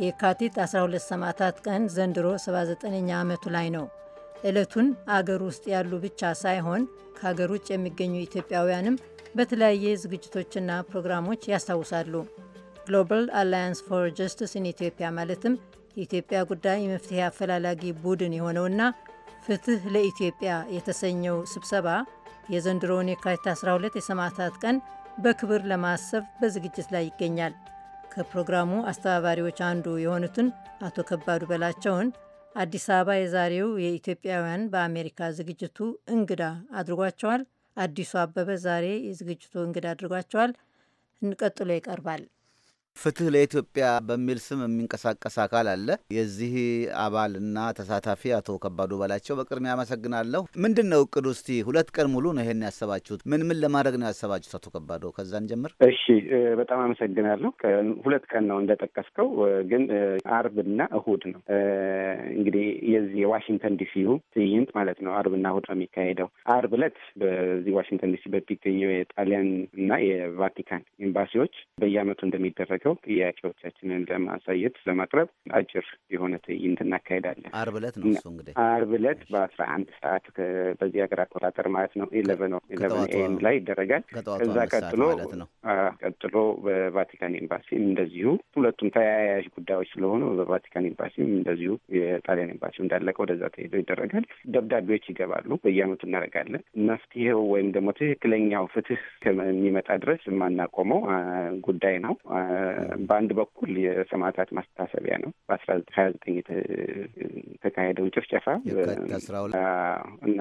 የካቲት 12 ሰማዕታት ቀን ዘንድሮ 79ኛ ዓመቱ ላይ ነው። ዕለቱን አገር ውስጥ ያሉ ብቻ ሳይሆን ከሀገር ውጭ የሚገኙ ኢትዮጵያውያንም በተለያየ ዝግጅቶችና ፕሮግራሞች ያስታውሳሉ። ግሎባል አላያንስ ፎር ጀስቲስ ኢን ኢትዮጵያ ማለትም የኢትዮጵያ ጉዳይ የመፍትሄ አፈላላጊ ቡድን የሆነውና ፍትህ ለኢትዮጵያ የተሰኘው ስብሰባ የዘንድሮውን የካቲት 12 የሰማዕታት ቀን በክብር ለማሰብ በዝግጅት ላይ ይገኛል። ከፕሮግራሙ አስተባባሪዎች አንዱ የሆኑትን አቶ ከባዱ በላቸውን አዲስ አበባ የዛሬው የኢትዮጵያውያን በአሜሪካ ዝግጅቱ እንግዳ አድርጓቸዋል። አዲሱ አበበ ዛሬ የዝግጅቱ እንግዳ አድርጓቸዋል። እንቀጥሎ ይቀርባል። ፍትህ ለኢትዮጵያ በሚል ስም የሚንቀሳቀስ አካል አለ። የዚህ አባልና ተሳታፊ አቶ ከባዱ በላቸው በቅድሚያ አመሰግናለሁ። ምንድን ነው እቅዱ? እስቲ ሁለት ቀን ሙሉ ነው ይሄን ያሰባችሁት። ምን ምን ለማድረግ ነው ያሰባችሁት? አቶ ከባዶ ከዛን ጀምር። እሺ፣ በጣም አመሰግናለሁ። ሁለት ቀን ነው እንደጠቀስከው፣ ግን አርብና እሁድ ነው እንግዲህ የዚህ የዋሽንግተን ዲሲ ትዕይንት ማለት ነው። አርብና እሁድ ነው የሚካሄደው። አርብ ዕለት በዚህ ዋሽንግተን ዲሲ በሚገኘው የጣሊያን እና የቫቲካን ኤምባሲዎች በየአመቱ እንደሚደረግ ተገናኝተው ጥያቄዎቻችንን ለማሳየት ለማቅረብ አጭር የሆነ ትዕይንት እናካሄዳለን። አርብ ዕለት ነው እሱ እንግዲህ አርብ ዕለት በአስራ አንድ ሰዓት በዚህ ሀገር አቆጣጠር ማለት ነው ኢለቨን ኢለቨን ኤም ላይ ይደረጋል። ከዛ ቀጥሎ ቀጥሎ በቫቲካን ኤምባሲ እንደዚሁ ሁለቱም ተያያዥ ጉዳዮች ስለሆኑ በቫቲካን ኤምባሲ እንደዚሁ የጣሊያን ኤምባሲ እንዳለቀ ወደዛ ተሄዶ ይደረጋል። ደብዳቤዎች ይገባሉ። በየአመቱ እናደርጋለን። መፍትሄው ወይም ደግሞ ትክክለኛው ፍትህ ከሚመጣ ድረስ የማናቆመው ጉዳይ ነው። በአንድ በኩል የሰማዕታት ማስታሰቢያ ነው። በአስራ ሀያ ዘጠኝ የተካሄደውን ጭፍጨፋ እና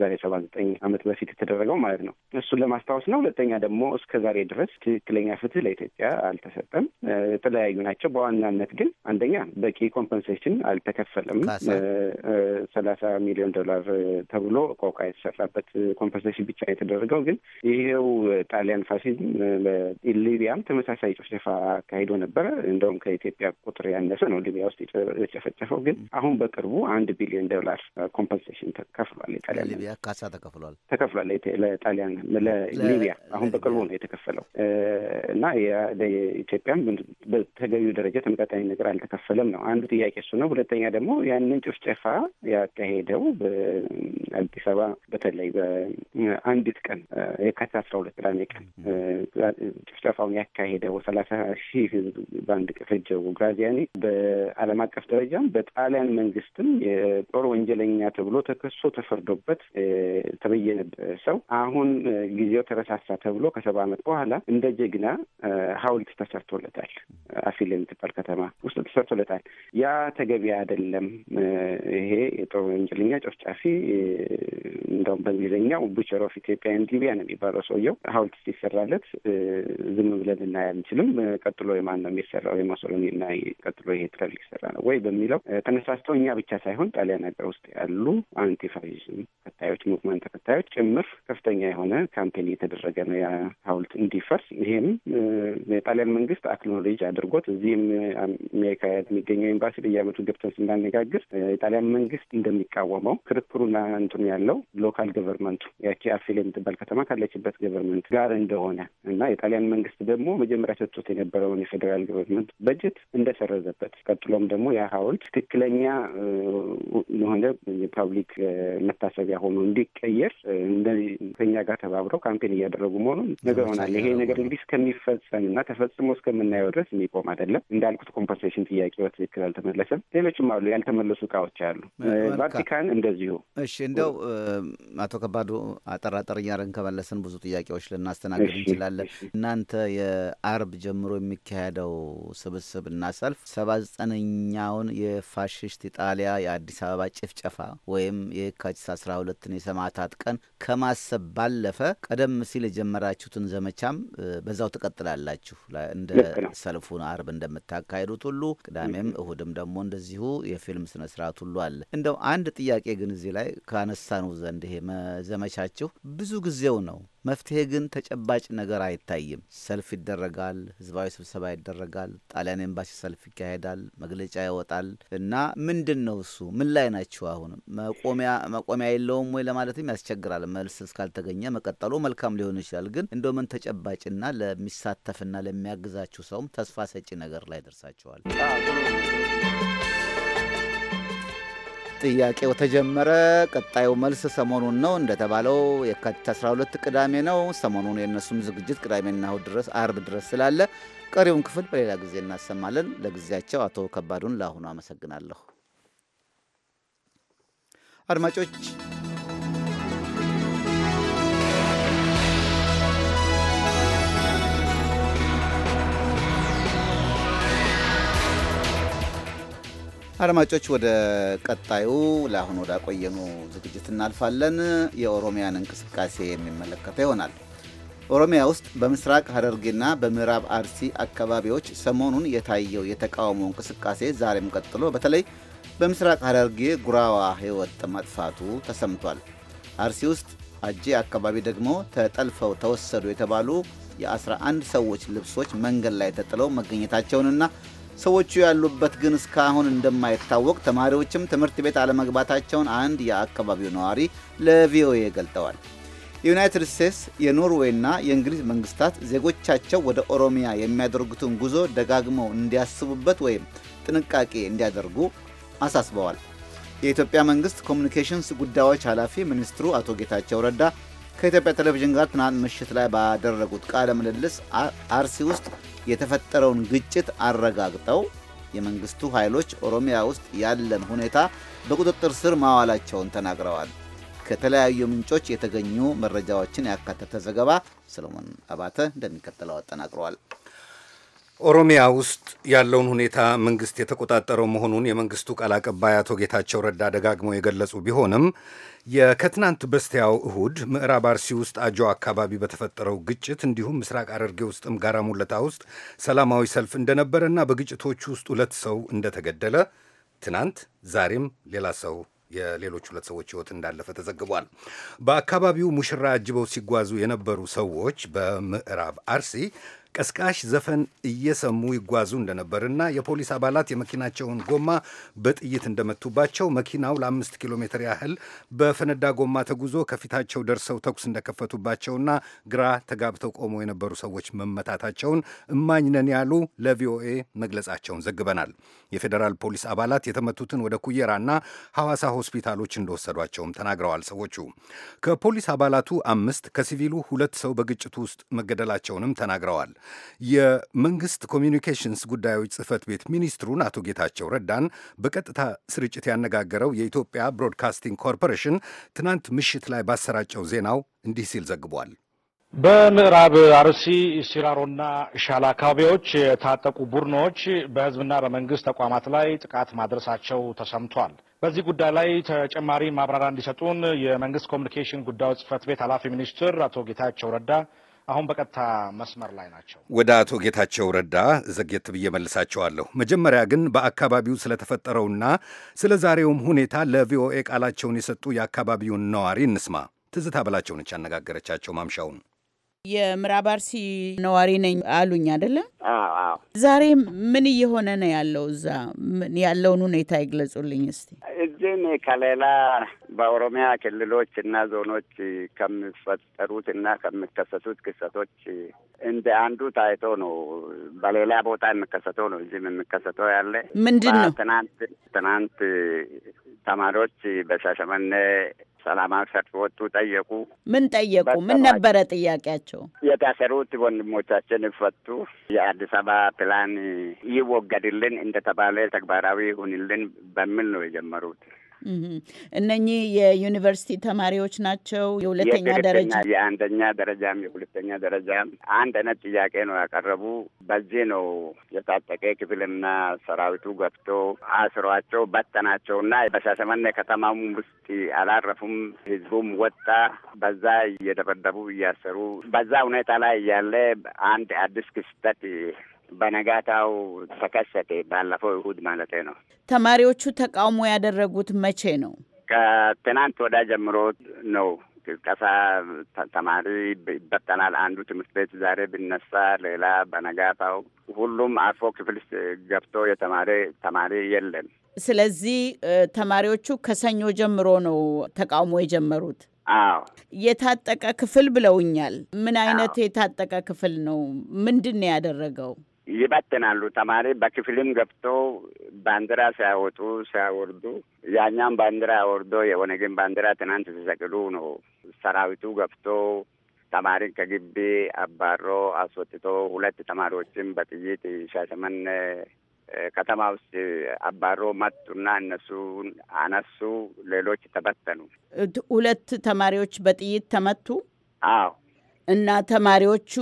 ዛሬ ሰባ ዘጠኝ ዓመት በፊት የተደረገው ማለት ነው እሱን ለማስታወስ ነው። ሁለተኛ ደግሞ እስከ ዛሬ ድረስ ትክክለኛ ፍትህ ለኢትዮጵያ አልተሰጠም። የተለያዩ ናቸው። በዋናነት ግን አንደኛ በቂ ኮምፐንሴሽን አልተከፈለም። ሰላሳ ሚሊዮን ዶላር ተብሎ ቆቃ የተሰራበት ኮምፐንሴሽን ብቻ የተደረገው ግን ይሄው ጣሊያን ፋሲዝም ሊቢያም ተመሳሳይ ጭፍጨፋ ጭፍጨፋ አካሂዶ ነበረ። እንደውም ከኢትዮጵያ ቁጥር ያነሰ ነው ሊቢያ ውስጥ የጨፈጨፈው። ግን አሁን በቅርቡ አንድ ቢሊዮን ዶላር ኮምፐንሴሽን ተከፍሏል። ጣሊያ ካሳ ተከፍሏል ተከፍሏል። ለጣሊያን ለሊቢያ አሁን በቅርቡ ነው የተከፈለው እና ኢትዮጵያም በተገቢው ደረጃ ተመጣጣኝ ነገር አልተከፈለም ነው አንዱ ጥያቄ እሱ ነው። ሁለተኛ ደግሞ ያንን ጭፍጨፋ ያካሄደው በአዲስ አበባ በተለይ በአንዲት ቀን የካቲት አስራ ሁለት ቅዳሜ ቀን ጭፍጨፋውን ያካሄደው ሰላ ሰላሳ ሺህ ህዝብ በአንድ ፈጀው ግራዚያኒ በዓለም አቀፍ ደረጃም በጣሊያን መንግስትም የጦር ወንጀለኛ ተብሎ ተከሶ ተፈርዶበት ተበየነ ሰው አሁን ጊዜው ተረሳሳ ተብሎ ከሰባ ዓመት በኋላ እንደ ጀግና ሐውልት ተሰርቶለታል። አፊል የምትባል ከተማ ውስጥ ተሰርቶለታል። ያ ተገቢ አይደለም። ይሄ የጦር ወንጀለኛ ጨፍጫፊ፣ እንደውም በእንግሊዝኛው ቡቸር ኦፍ ኢትዮጵያ ሊቢያ ነው የሚባለው ሰውየው ሐውልት ሲሰራለት ዝም ብለን ልናይ አንችልም። ወይም ቀጥሎ የማን ነው የሚሰራው እና ቀጥሎ ይሄ ሊሰራ ነው ወይ በሚለው ተነሳስተው እኛ ብቻ ሳይሆን ጣሊያን ሀገር ውስጥ ያሉ አንቲፋሽን ተከታዮች ሙቭመንት ተከታዮች ጭምር ከፍተኛ የሆነ ካምፔን እየተደረገ ነው ያ ሀውልት እንዲፈርስ። ይሄም የጣሊያን መንግስት አክኖሎጅ አድርጎት እዚህም አሜሪካ የሚገኘው ኤምባሲ በየአመቱ ገብተን ስናነጋግር የጣሊያን መንግስት እንደሚቃወመው ክርክሩና እንትኑ ያለው ሎካል ገቨርንመንቱ ያቺ አፌል የምትባል ከተማ ካለችበት ገቨርንመንት ጋር እንደሆነ እና የጣሊያን መንግስት ደግሞ መጀመሪያ ሰጥቶ ሲያወጡት የነበረውን የፌዴራል ገቨርንመንት በጀት እንደሰረዘበት፣ ቀጥሎም ደግሞ ያ ሀውልት ትክክለኛ የሆነ የፓብሊክ መታሰቢያ ሆኖ እንዲቀየር ከኛ ጋር ተባብረው ካምፔን እያደረጉ መሆኑን ሆናል። ይሄ ነገር እንግዲህ እስከሚፈጸም እና ተፈጽሞ እስከምናየው ድረስ የሚቆም አይደለም። እንዳልኩት ኮምፐንሴሽን ጥያቄ በትክክል አልተመለሰም። ሌሎችም አሉ፣ ያልተመለሱ እቃዎች አሉ። ቫቲካን እንደዚሁ። እሺ፣ እንደው አቶ ከባዱ አጠራጠር እያደረግን ከመለስን ብዙ ጥያቄዎች ልናስተናግድ እንችላለን። እናንተ የአርብ ጀምሮ የሚካሄደው ስብስብና ሰልፍ ሰባ ዘጠነኛውን የፋሽስት ኢጣሊያ የአዲስ አበባ ጭፍጨፋ ወይም የካቲት አስራ ሁለትን የሰማዕታት ቀን ከማሰብ ባለፈ ቀደም ሲል የጀመራችሁትን ዘመቻም በዛው ትቀጥላላችሁ እንደ ሰልፉን አርብ እንደምታካሄዱት ሁሉ ቅዳሜም እሁድም ደግሞ እንደዚሁ የፊልም ስነ ስርዓት ሁሉ አለ። እንደው አንድ ጥያቄ ግን እዚህ ላይ ነው ዘንድ ይሄ ዘመቻችሁ ብዙ ጊዜው ነው መፍትሄ ግን ተጨባጭ ነገር አይታይም። ሰልፍ ይደረጋል፣ ህዝባዊ ስብሰባ ይደረጋል፣ ጣሊያን ኤምባሲ ሰልፍ ይካሄዳል፣ መግለጫ ይወጣል እና ምንድን ነው እሱ? ምን ላይ ናቸው አሁንም መቆሚያ የለውም ወይ ለማለትም ያስቸግራል። መልስ እስካልተገኘ መቀጠሉ መልካም ሊሆን ይችላል። ግን እንደ ምን ተጨባጭና ለሚሳተፍና ለሚያግዛችሁ ሰውም ተስፋ ሰጪ ነገር ላይ ደርሳቸዋል። ጥያቄው ተጀመረ። ቀጣዩ መልስ ሰሞኑን ነው እንደተባለው የካቲት 12 ቅዳሜ ነው። ሰሞኑን የእነሱም ዝግጅት ቅዳሜና እሁድ ድረስ አርብ ድረስ ስላለ ቀሪውን ክፍል በሌላ ጊዜ እናሰማለን። ለጊዜያቸው አቶ ከባዱን ለአሁኑ አመሰግናለሁ። አድማጮች አድማጮች ወደ ቀጣዩ ለአሁን ወደ ዝግጅት እናልፋለን። የኦሮሚያን እንቅስቃሴ የሚመለከተው ይሆናል። ኦሮሚያ ውስጥ በምስራቅ ሀረርጌና በምዕራብ አርሲ አካባቢዎች ሰሞኑን የታየው የተቃውሞ እንቅስቃሴ ዛሬም ቀጥሎ በተለይ በምስራቅ ሀረርጌ ጉራዋ ሕይወት መጥፋቱ ተሰምቷል። አርሲ ውስጥ አጄ አካባቢ ደግሞ ተጠልፈው ተወሰዱ የተባሉ የ11 ሰዎች ልብሶች መንገድ ላይ ተጥለው መገኘታቸውንና ሰዎቹ ያሉበት ግን እስካሁን እንደማይታወቅ ተማሪዎችም ትምህርት ቤት አለመግባታቸውን አንድ የአካባቢው ነዋሪ ለቪኦኤ ገልጠዋል። የዩናይትድ ስቴትስ የኖርዌይና የእንግሊዝ መንግስታት ዜጎቻቸው ወደ ኦሮሚያ የሚያደርጉትን ጉዞ ደጋግመው እንዲያስቡበት ወይም ጥንቃቄ እንዲያደርጉ አሳስበዋል። የኢትዮጵያ መንግስት ኮሚኒኬሽንስ ጉዳዮች ኃላፊ ሚኒስትሩ አቶ ጌታቸው ረዳ ከኢትዮጵያ ቴሌቪዥን ጋር ትናንት ምሽት ላይ ባደረጉት ቃለ ምልልስ አርሲ ውስጥ የተፈጠረውን ግጭት አረጋግጠው የመንግስቱ ኃይሎች ኦሮሚያ ውስጥ ያለን ሁኔታ በቁጥጥር ስር ማዋላቸውን ተናግረዋል። ከተለያዩ ምንጮች የተገኙ መረጃዎችን ያካተተ ዘገባ ሰለሞን አባተ እንደሚከተለው አጠናቅረዋል። ኦሮሚያ ውስጥ ያለውን ሁኔታ መንግስት የተቆጣጠረው መሆኑን የመንግስቱ ቃል አቀባይ አቶ ጌታቸው ረዳ ደጋግመው የገለጹ ቢሆንም የከትናንት በስቲያው እሁድ ምዕራብ አርሲ ውስጥ አጆ አካባቢ በተፈጠረው ግጭት እንዲሁም ምስራቅ አረርጌ ውስጥም ጋራ ሙለታ ውስጥ ሰላማዊ ሰልፍ እንደነበረና በግጭቶች ውስጥ ሁለት ሰው እንደተገደለ ትናንት ዛሬም ሌላ ሰው የሌሎች ሁለት ሰዎች ህይወት እንዳለፈ ተዘግቧል። በአካባቢው ሙሽራ አጅበው ሲጓዙ የነበሩ ሰዎች በምዕራብ አርሲ ቀስቃሽ ዘፈን እየሰሙ ይጓዙ እንደነበርና የፖሊስ አባላት የመኪናቸውን ጎማ በጥይት እንደመቱባቸው መኪናው ለአምስት ኪሎ ሜትር ያህል በፈነዳ ጎማ ተጉዞ ከፊታቸው ደርሰው ተኩስ እንደከፈቱባቸውና ግራ ተጋብተው ቆመው የነበሩ ሰዎች መመታታቸውን እማኝ ነን ያሉ ለቪኦኤ መግለጻቸውን ዘግበናል። የፌዴራል ፖሊስ አባላት የተመቱትን ወደ ኩየራና ሐዋሳ ሆስፒታሎች እንደወሰዷቸውም ተናግረዋል። ሰዎቹ ከፖሊስ አባላቱ አምስት ከሲቪሉ ሁለት ሰው በግጭቱ ውስጥ መገደላቸውንም ተናግረዋል። የመንግስት ኮሚኒኬሽንስ ጉዳዮች ጽህፈት ቤት ሚኒስትሩን አቶ ጌታቸው ረዳን በቀጥታ ስርጭት ያነጋገረው የኢትዮጵያ ብሮድካስቲንግ ኮርፖሬሽን ትናንት ምሽት ላይ ባሰራጨው ዜናው እንዲህ ሲል ዘግቧል። በምዕራብ አርሲ ሲራሮና ሻላ አካባቢዎች የታጠቁ ቡድኖች በህዝብና በመንግስት ተቋማት ላይ ጥቃት ማድረሳቸው ተሰምቷል። በዚህ ጉዳይ ላይ ተጨማሪ ማብራሪያ እንዲሰጡን የመንግስት ኮሚኒኬሽን ጉዳዮች ጽህፈት ቤት ኃላፊ ሚኒስትር አቶ ጌታቸው ረዳ አሁን በቀጥታ መስመር ላይ ናቸው። ወደ አቶ ጌታቸው ረዳ ዘግየት ብዬ መልሳቸዋለሁ። መጀመሪያ ግን በአካባቢው ስለተፈጠረውና ስለ ዛሬውም ሁኔታ ለቪኦኤ ቃላቸውን የሰጡ የአካባቢውን ነዋሪ እንስማ። ትዝታ በላቸው ነች ያነጋገረቻቸው ማምሻውን የምዕራብ አርሲ ነዋሪ ነኝ አሉኝ አይደለም? ዛሬ ምን እየሆነ ነው ያለው? እዛ ያለውን ሁኔታ ይግለጹልኝ እስቲ። እዚህም ከሌላ በኦሮሚያ ክልሎች እና ዞኖች ከሚፈጠሩት እና ከሚከሰቱት ክሰቶች እንደ አንዱ ታይቶ ነው በሌላ ቦታ የሚከሰተው ነው እዚህም የሚከሰተው ያለ ምንድን ነው? ትናንት ትናንት ተማሪዎች በሻሸመኔ ሰላማዊ ሰልፍ ወጡ፣ ጠየቁ። ምን ጠየቁ? ምን ነበረ ጥያቄያቸው? የታሰሩት ወንድሞቻችን ይፈቱ፣ የአዲስ አበባ ፕላን ይወገድልን፣ እንደተባለ ተግባራዊ ሁንልን በሚል ነው የጀመሩት። እነኚህ የዩኒቨርሲቲ ተማሪዎች ናቸው። የሁለተኛ ደረጃ የአንደኛ ደረጃም የሁለተኛ ደረጃም አንድ አይነት ጥያቄ ነው ያቀረቡ። በዚህ ነው የታጠቀ ክፍልና ሰራዊቱ ገብቶ አስሯቸው በተናቸው በተናቸውና በሻሸመኔ ከተማም ውስጥ አላረፉም። ህዝቡም ወጣ። በዛ እየደበደቡ እያሰሩ በዛ ሁኔታ ላይ እያለ አንድ አዲስ ክስተት በነጋታው ተከሰተ። ባለፈው እሁድ ማለት ነው። ተማሪዎቹ ተቃውሞ ያደረጉት መቼ ነው? ከትናንት ወዳ ጀምሮ ነው ቅስቀሳ። ተማሪ ይበጠናል። አንዱ ትምህርት ቤት ዛሬ ቢነሳ፣ ሌላ በነጋታው ሁሉም አርፎ ክፍል ገብቶ የተማሪ ተማሪ የለም። ስለዚህ ተማሪዎቹ ከሰኞ ጀምሮ ነው ተቃውሞ የጀመሩት። አዎ የታጠቀ ክፍል ብለውኛል። ምን አይነት የታጠቀ ክፍል ነው? ምንድን ነው ያደረገው? ይበትናሉ። ተማሪ በክፍልም ገብቶ ባንዲራ ሲያወጡ ሲያወርዱ፣ ያኛም ባንዲራ ያወርዶ የኦነግን ባንዲራ ትናንት ሲሰቅሉ ነው ሰራዊቱ ገብቶ ተማሪ ከግቢ አባሮ አስወጥቶ ሁለት ተማሪዎችን በጥይት ሻሸመን ከተማ ውስጥ አባሮ መጡና እነሱን አነሱ። ሌሎች ተበተኑ። ሁለት ተማሪዎች በጥይት ተመቱ። አዎ እና ተማሪዎቹ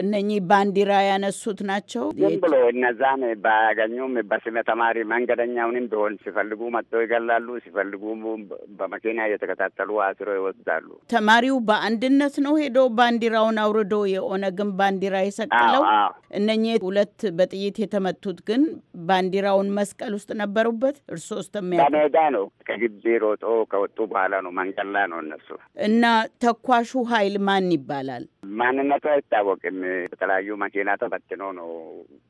እነኚህ ባንዲራ ያነሱት ናቸው። ዝም ብሎ እነዛን ባያገኙም በስመ ተማሪ መንገደኛውንም ቢሆን ሲፈልጉ መጥተው ይገላሉ፣ ሲፈልጉ በመኪና እየተከታተሉ አስሮ ይወስዳሉ። ተማሪው በአንድነት ነው ሄዶ ባንዲራውን አውርዶ የኦነግን ባንዲራ የሰቀለው። እነኚህ ሁለት በጥይት የተመቱት ግን ባንዲራውን መስቀል ውስጥ ነበሩበት። እርስዎ ስተሚያ በሜዳ ነው ከግቢ ሮጦ ከወጡ በኋላ ነው መንገድ ላይ ነው እነሱ እና ተኳሹ ኃይል ማን ይባላል? ማንነቱ አይታወቅም። በተለያዩ መኪና ተበትኖ ነው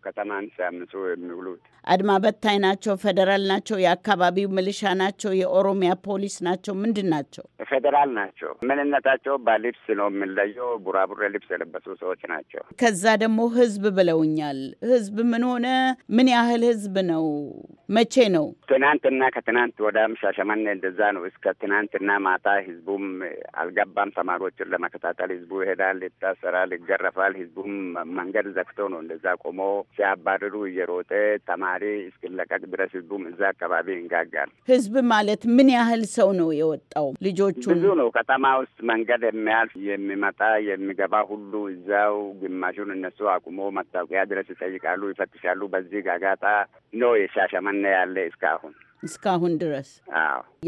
ከተማን ሲያምሱ የሚውሉት። አድማ በታይ ናቸው፣ ፌዴራል ናቸው፣ የአካባቢው ምልሻ ናቸው፣ የኦሮሚያ ፖሊስ ናቸው፣ ምንድን ናቸው? ፌዴራል ናቸው። ምንነታቸው በልብስ ነው የምንለየው። ቡራቡሬ ልብስ የለበሱ ሰዎች ናቸው። ከዛ ደግሞ ህዝብ ብለውኛል። ህዝብ ምን ሆነ? ምን ያህል ህዝብ ነው? መቼ ነው? ትናንትና ከትናንት ወዳም ሻሸመኔ እንደዛ ነው። እስከ ትናንትና ማታ ህዝቡም አልገባም። ተማሪዎችን ለመከታተል ህዝቡ ይሄዳል። ልታሰራል፣ ይገረፋል። ህዝቡም መንገድ ዘግቶ ነው እንደዛ ቆሞ ሲያባርሩ እየሮጠ ተማሪ እስክለቀቅ ድረስ ህዝቡም እዛ አካባቢ ይንጋጋል። ህዝብ ማለት ምን ያህል ሰው ነው የወጣው? ልጆቹ ብዙ ነው። ከተማ ውስጥ መንገድ የሚያልፍ የሚመጣ የሚገባ ሁሉ እዛው፣ ግማሹን እነሱ አቁሞ መታወቂያ ድረስ ይጠይቃሉ፣ ይፈትሻሉ። በዚህ ጋጋጣ ነው የሻሸመኔ ያለ እስካሁን እስካሁን ድረስ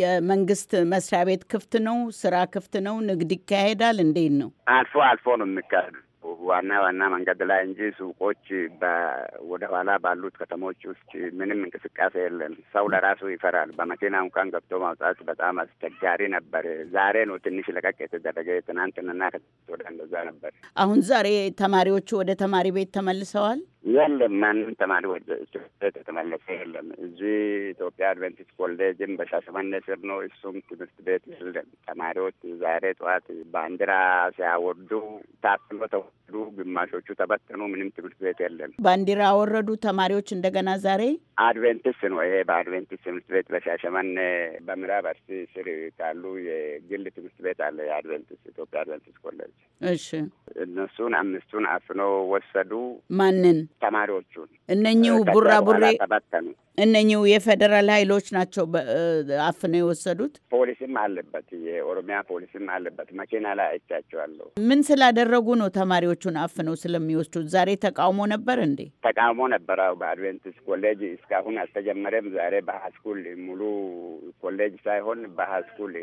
የመንግስት መስሪያ ቤት ክፍት ነው? ስራ ክፍት ነው? ንግድ ይካሄዳል? እንዴት ነው? አልፎ አልፎ ነው የሚካሄዱ ዋና ዋና መንገድ ላይ እንጂ ሱቆች ወደ ኋላ ባሉት ከተሞች ውስጥ ምንም እንቅስቃሴ የለም። ሰው ለራሱ ይፈራል። በመኪና እንኳን ገብቶ ማውጣት በጣም አስቸጋሪ ነበር። ዛሬ ነው ትንሽ ለቀቅ የተደረገ። ትናንትንና ከወደ እንደዛ ነበር። አሁን ዛሬ ተማሪዎቹ ወደ ተማሪ ቤት ተመልሰዋል። የለም ማንም ተማሪ ወደ የተመለሰ የለም። እዚህ ኢትዮጵያ አድቨንቲስት ኮሌጅም በሻሸመኔ ስር ነው። እሱም ትምህርት ቤት የለም። ተማሪዎች ዛሬ ጠዋት ባንዲራ ሲያወርዱ ታፍኖ ተወሰዱ፣ ግማሾቹ ተበተኑ። ምንም ትምህርት ቤት የለም። ባንዲራ አወረዱ ተማሪዎች እንደገና ዛሬ አድቬንቲስት ነው ይሄ በአድቬንቲስት ትምህርት ቤት በሻሸመኔ በምዕራብ አርሲ ስር ካሉ የግል ትምህርት ቤት አለ የአድቬንቲስት ኢትዮጵያ አድቬንቲስት ኮሌጅ። እሺ እነሱን አምስቱን አፍኖ ወሰዱ። ማንን ተማሪዎቹን እነኚሁ ቡራቡሬ እነኚሁ የፌዴራል ኃይሎች ናቸው አፍነው የወሰዱት። ፖሊስም አለበት፣ የኦሮሚያ ፖሊስም አለበት። መኪና ላይ አይቻቸዋለሁ። ምን ስላደረጉ ነው ተማሪዎቹን አፍነው ስለሚወስዱት? ዛሬ ተቃውሞ ነበር እንዴ? ተቃውሞ ነበር። አዎ፣ ኮሌጅ እስካሁን አልተጀመረም። ዛሬ በሀስኩል ሙሉ ኮሌጅ ሳይሆን በሀስኩል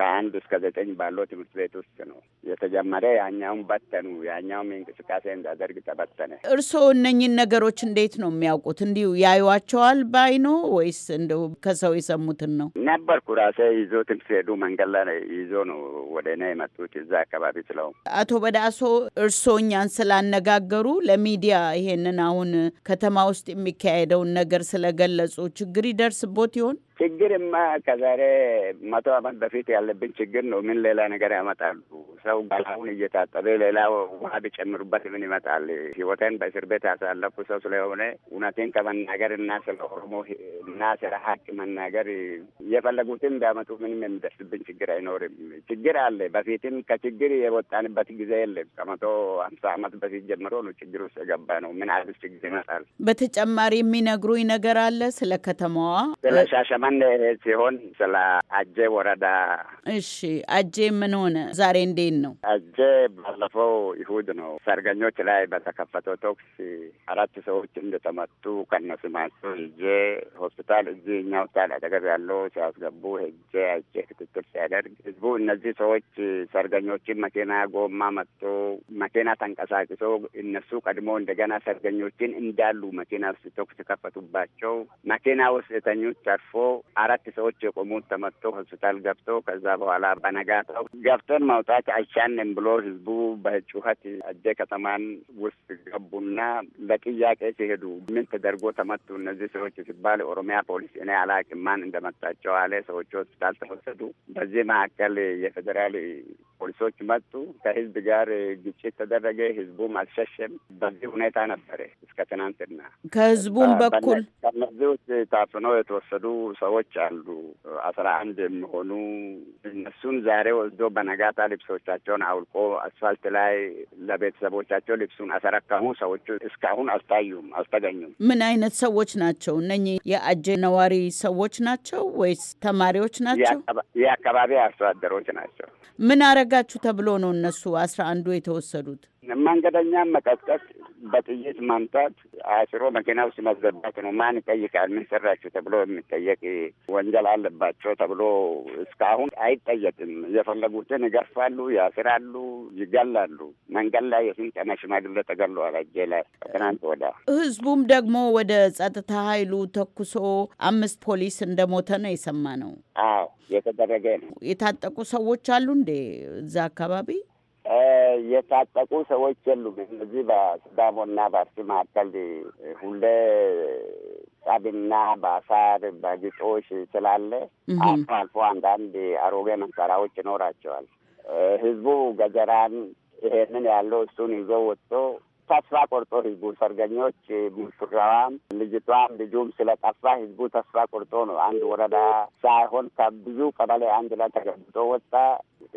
ከአንድ እስከ ዘጠኝ ባለው ትምህርት ቤት ውስጥ ነው የተጀመረ። ያኛውም በተኑ፣ ያኛውም እንቅስቃሴ እንዳደርግ ተበተነ። እርስዎን እነኝን ነገሮች እንዴት ነው የሚያውቁት? እንዲሁ ያዩዋቸዋል ባይኖ ወይስ እንደው ከሰው የሰሙትን ነው? ነበርኩ ራሴ ይዞትም ሲሄዱ መንገድ ላይ ይዞ ነው ወደ እኔ የመጡት እዛ አካባቢ ስለው አቶ በዳሶ እርሶኛን ስላነጋገሩ ለሚዲያ ይሄንን አሁን ከተማ ውስጥ የሚካሄደውን ነገር ስለገለጹ ችግር ይደርስቦት ይሆን? ችግርማ ከዛሬ መቶ ዓመት በፊት ያለብን ችግር ነው። ምን ሌላ ነገር ያመጣሉ? ሰው ገላውን እየታጠበ ሌላ ውሃ ቢጨምሩበት ምን ይመጣል? ህይወቴን በእስር ቤት ያሳለፉ ሰው ስለሆነ እውነቴን ከመናገር እና ስለ ኦሮሞ እና ስለ ሀቅ መናገር እየፈለጉትን ቢያመጡ ምንም የሚደርስብን ችግር አይኖርም። ችግር አለ። በፊትም ከችግር የወጣንበት ጊዜ የለም። ከመቶ ሀምሳ ዓመት በፊት ጀምሮ ነው ችግር ውስጥ የገባ ነው። ምን አይነት ችግር ይመጣል? በተጨማሪ የሚነግሩኝ ነገር አለ ስለ ከተማዋ ስለ ያን ሲሆን ስለ አጄ ወረዳ። እሺ አጄ ምን ሆነ? ዛሬ እንዴት ነው አጄ? ባለፈው ይሁድ ነው ሰርገኞች ላይ በተከፈተው ተኩስ አራት ሰዎች እንደተመቱ ከነስማቸው ሄጄ ሆስፒታል እዚህ እኛ ሆስፒታል አጠገብ ያለው ሲያስገቡ ሄጄ አጄ ክትትል ሲያደርግ ህዝቡ እነዚህ ሰዎች ሰርገኞችን መኪና ጎማ መጥቶ መኪና ተንቀሳቅሶ እነሱ ቀድሞ እንደገና ሰርገኞችን እንዳሉ መኪና ውስጥ ተኩስ ከፈቱባቸው። መኪና ውስጥ የተኙት ተርፎ አራት ሰዎች የቆሙት ተመቶ ሆስፒታል ገብቶ ከዛ በኋላ በነጋታው ገብተን መውጣት አይቻንም ብሎ ህዝቡ በጩኸት እጀ ከተማን ውስጥ ገቡና ለጥያቄ ሲሄዱ ምን ተደርጎ ተመቱ እነዚህ ሰዎች ሲባል ኦሮሚያ ፖሊስ እኔ አላቅም ማን እንደመጣቸው አለ። ሰዎች ሆስፒታል ተወሰዱ። በዚህ መካከል የፌዴራል ፖሊሶች መጡ። ከህዝብ ጋር ግጭት ተደረገ። ህዝቡም አልሸሸም። በዚህ ሁኔታ ነበረ እስከ ትናንትና። ከህዝቡም በኩል ከነዚህ ውስጥ ታፍኖ የተወሰዱ ሰዎች አሉ አስራ አንድ የሚሆኑ እነሱን ዛሬ ወስዶ በነጋታ ልብሶቻቸውን አውልቆ አስፋልት ላይ ለቤተሰቦቻቸው ልብሱን አሰረከሙ። ሰዎቹ እስካሁን አልታዩም፣ አልተገኙም። ምን አይነት ሰዎች ናቸው እነኚህ? የአጄ ነዋሪ ሰዎች ናቸው ወይስ ተማሪዎች ናቸው? የአካባቢ አርሶ አደሮች ናቸው። ምን አረጋችሁ ተብሎ ነው እነሱ አስራ አንዱ የተወሰዱት? መንገደኛ መቀስቀስ፣ በጥይት መምታት፣ አስሮ መኪና ውስጥ መዘባት ነው። ማን ይጠይቃል? ምን ሰራችሁ ተብሎ የሚጠየቅ ወንጀል አለባቸው ተብሎ እስካሁን አይጠየቅም። የፈለጉትን ይገርፋሉ፣ ያስራሉ፣ ይገላሉ። መንገድ ላይ የስንጠና ሽማግሌ ተገለዋል። እጄ ላይ ትናንት ወዳ ህዝቡም ደግሞ ወደ ጸጥታ ኃይሉ ተኩሶ አምስት ፖሊስ እንደሞተ ነው የሰማ ነው። አዎ የተደረገ ነው። የታጠቁ ሰዎች አሉ እንዴ እዛ አካባቢ? የታጠቁ ሰዎች የሉም። እነዚህ በሲዳሞና በአርሲ መካከል ሁሌ ጸብና በአሳር በግጦሽ ስላለ አልፎ አልፎ አንዳንድ አሮጌ መንሰራዎች ይኖራቸዋል። ህዝቡ ገጀራን ይሄንን ያለው እሱን ይዞ ወጥቶ ተስፋ ቆርጦ ህዝቡ ሰርገኞች፣ ሙሽራዋም፣ ልጅቷም ልጁም ስለጠፋ ህዝቡ ተስፋ ቆርጦ ነው። አንድ ወረዳ ሳይሆን ከብዙ ቀበሌ አንድ ላይ ተገብጦ ወጣ።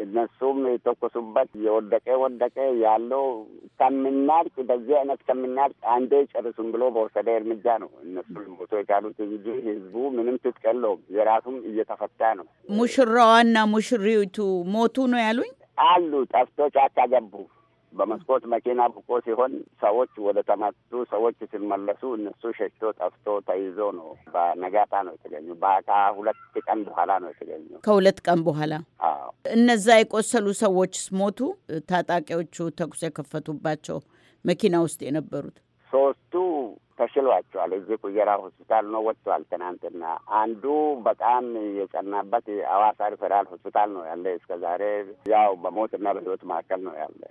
እነሱም የተኮሱበት የወደቀ ወደቀ ያለው ከምናድቅ በዚህ አይነት ከምናድቅ አንዴ ጨርሱም ብሎ በወሰደ እርምጃ ነው እነሱ ልሞቶ የቻሉት እንጂ ህዝቡ ምንም ትጥቅ የለውም። የራሱም እየተፈታ ነው። ሙሽራዋና ሙሽሪቱ ሞቱ ነው ያሉኝ አሉ ጠፍቶ ጫካ ገቡ። በመስኮት መኪና ብቆ ሲሆን ሰዎች ወደ ተመቱ ሰዎች ሲመለሱ እነሱ ሸሽቶ ጠፍቶ ተይዞ ነው በነጋታ ነው የተገኙ። በአካ ሁለት ቀን በኋላ ነው የተገኙ። ከሁለት ቀን በኋላ እነዛ የቆሰሉ ሰዎች ሞቱ። ታጣቂዎቹ ተኩስ የከፈቱባቸው መኪና ውስጥ የነበሩት ሶስቱ ተሽሏቸዋል። እዚህ ቁየራ ሆስፒታል ነው ወጥቷል። ትናንትና አንዱ በጣም የጸናበት አዋሳ ሪፈራል ሆስፒታል ነው ያለ። እስከ ዛሬ ያው በሞትና በህይወት መካከል ነው ያለ።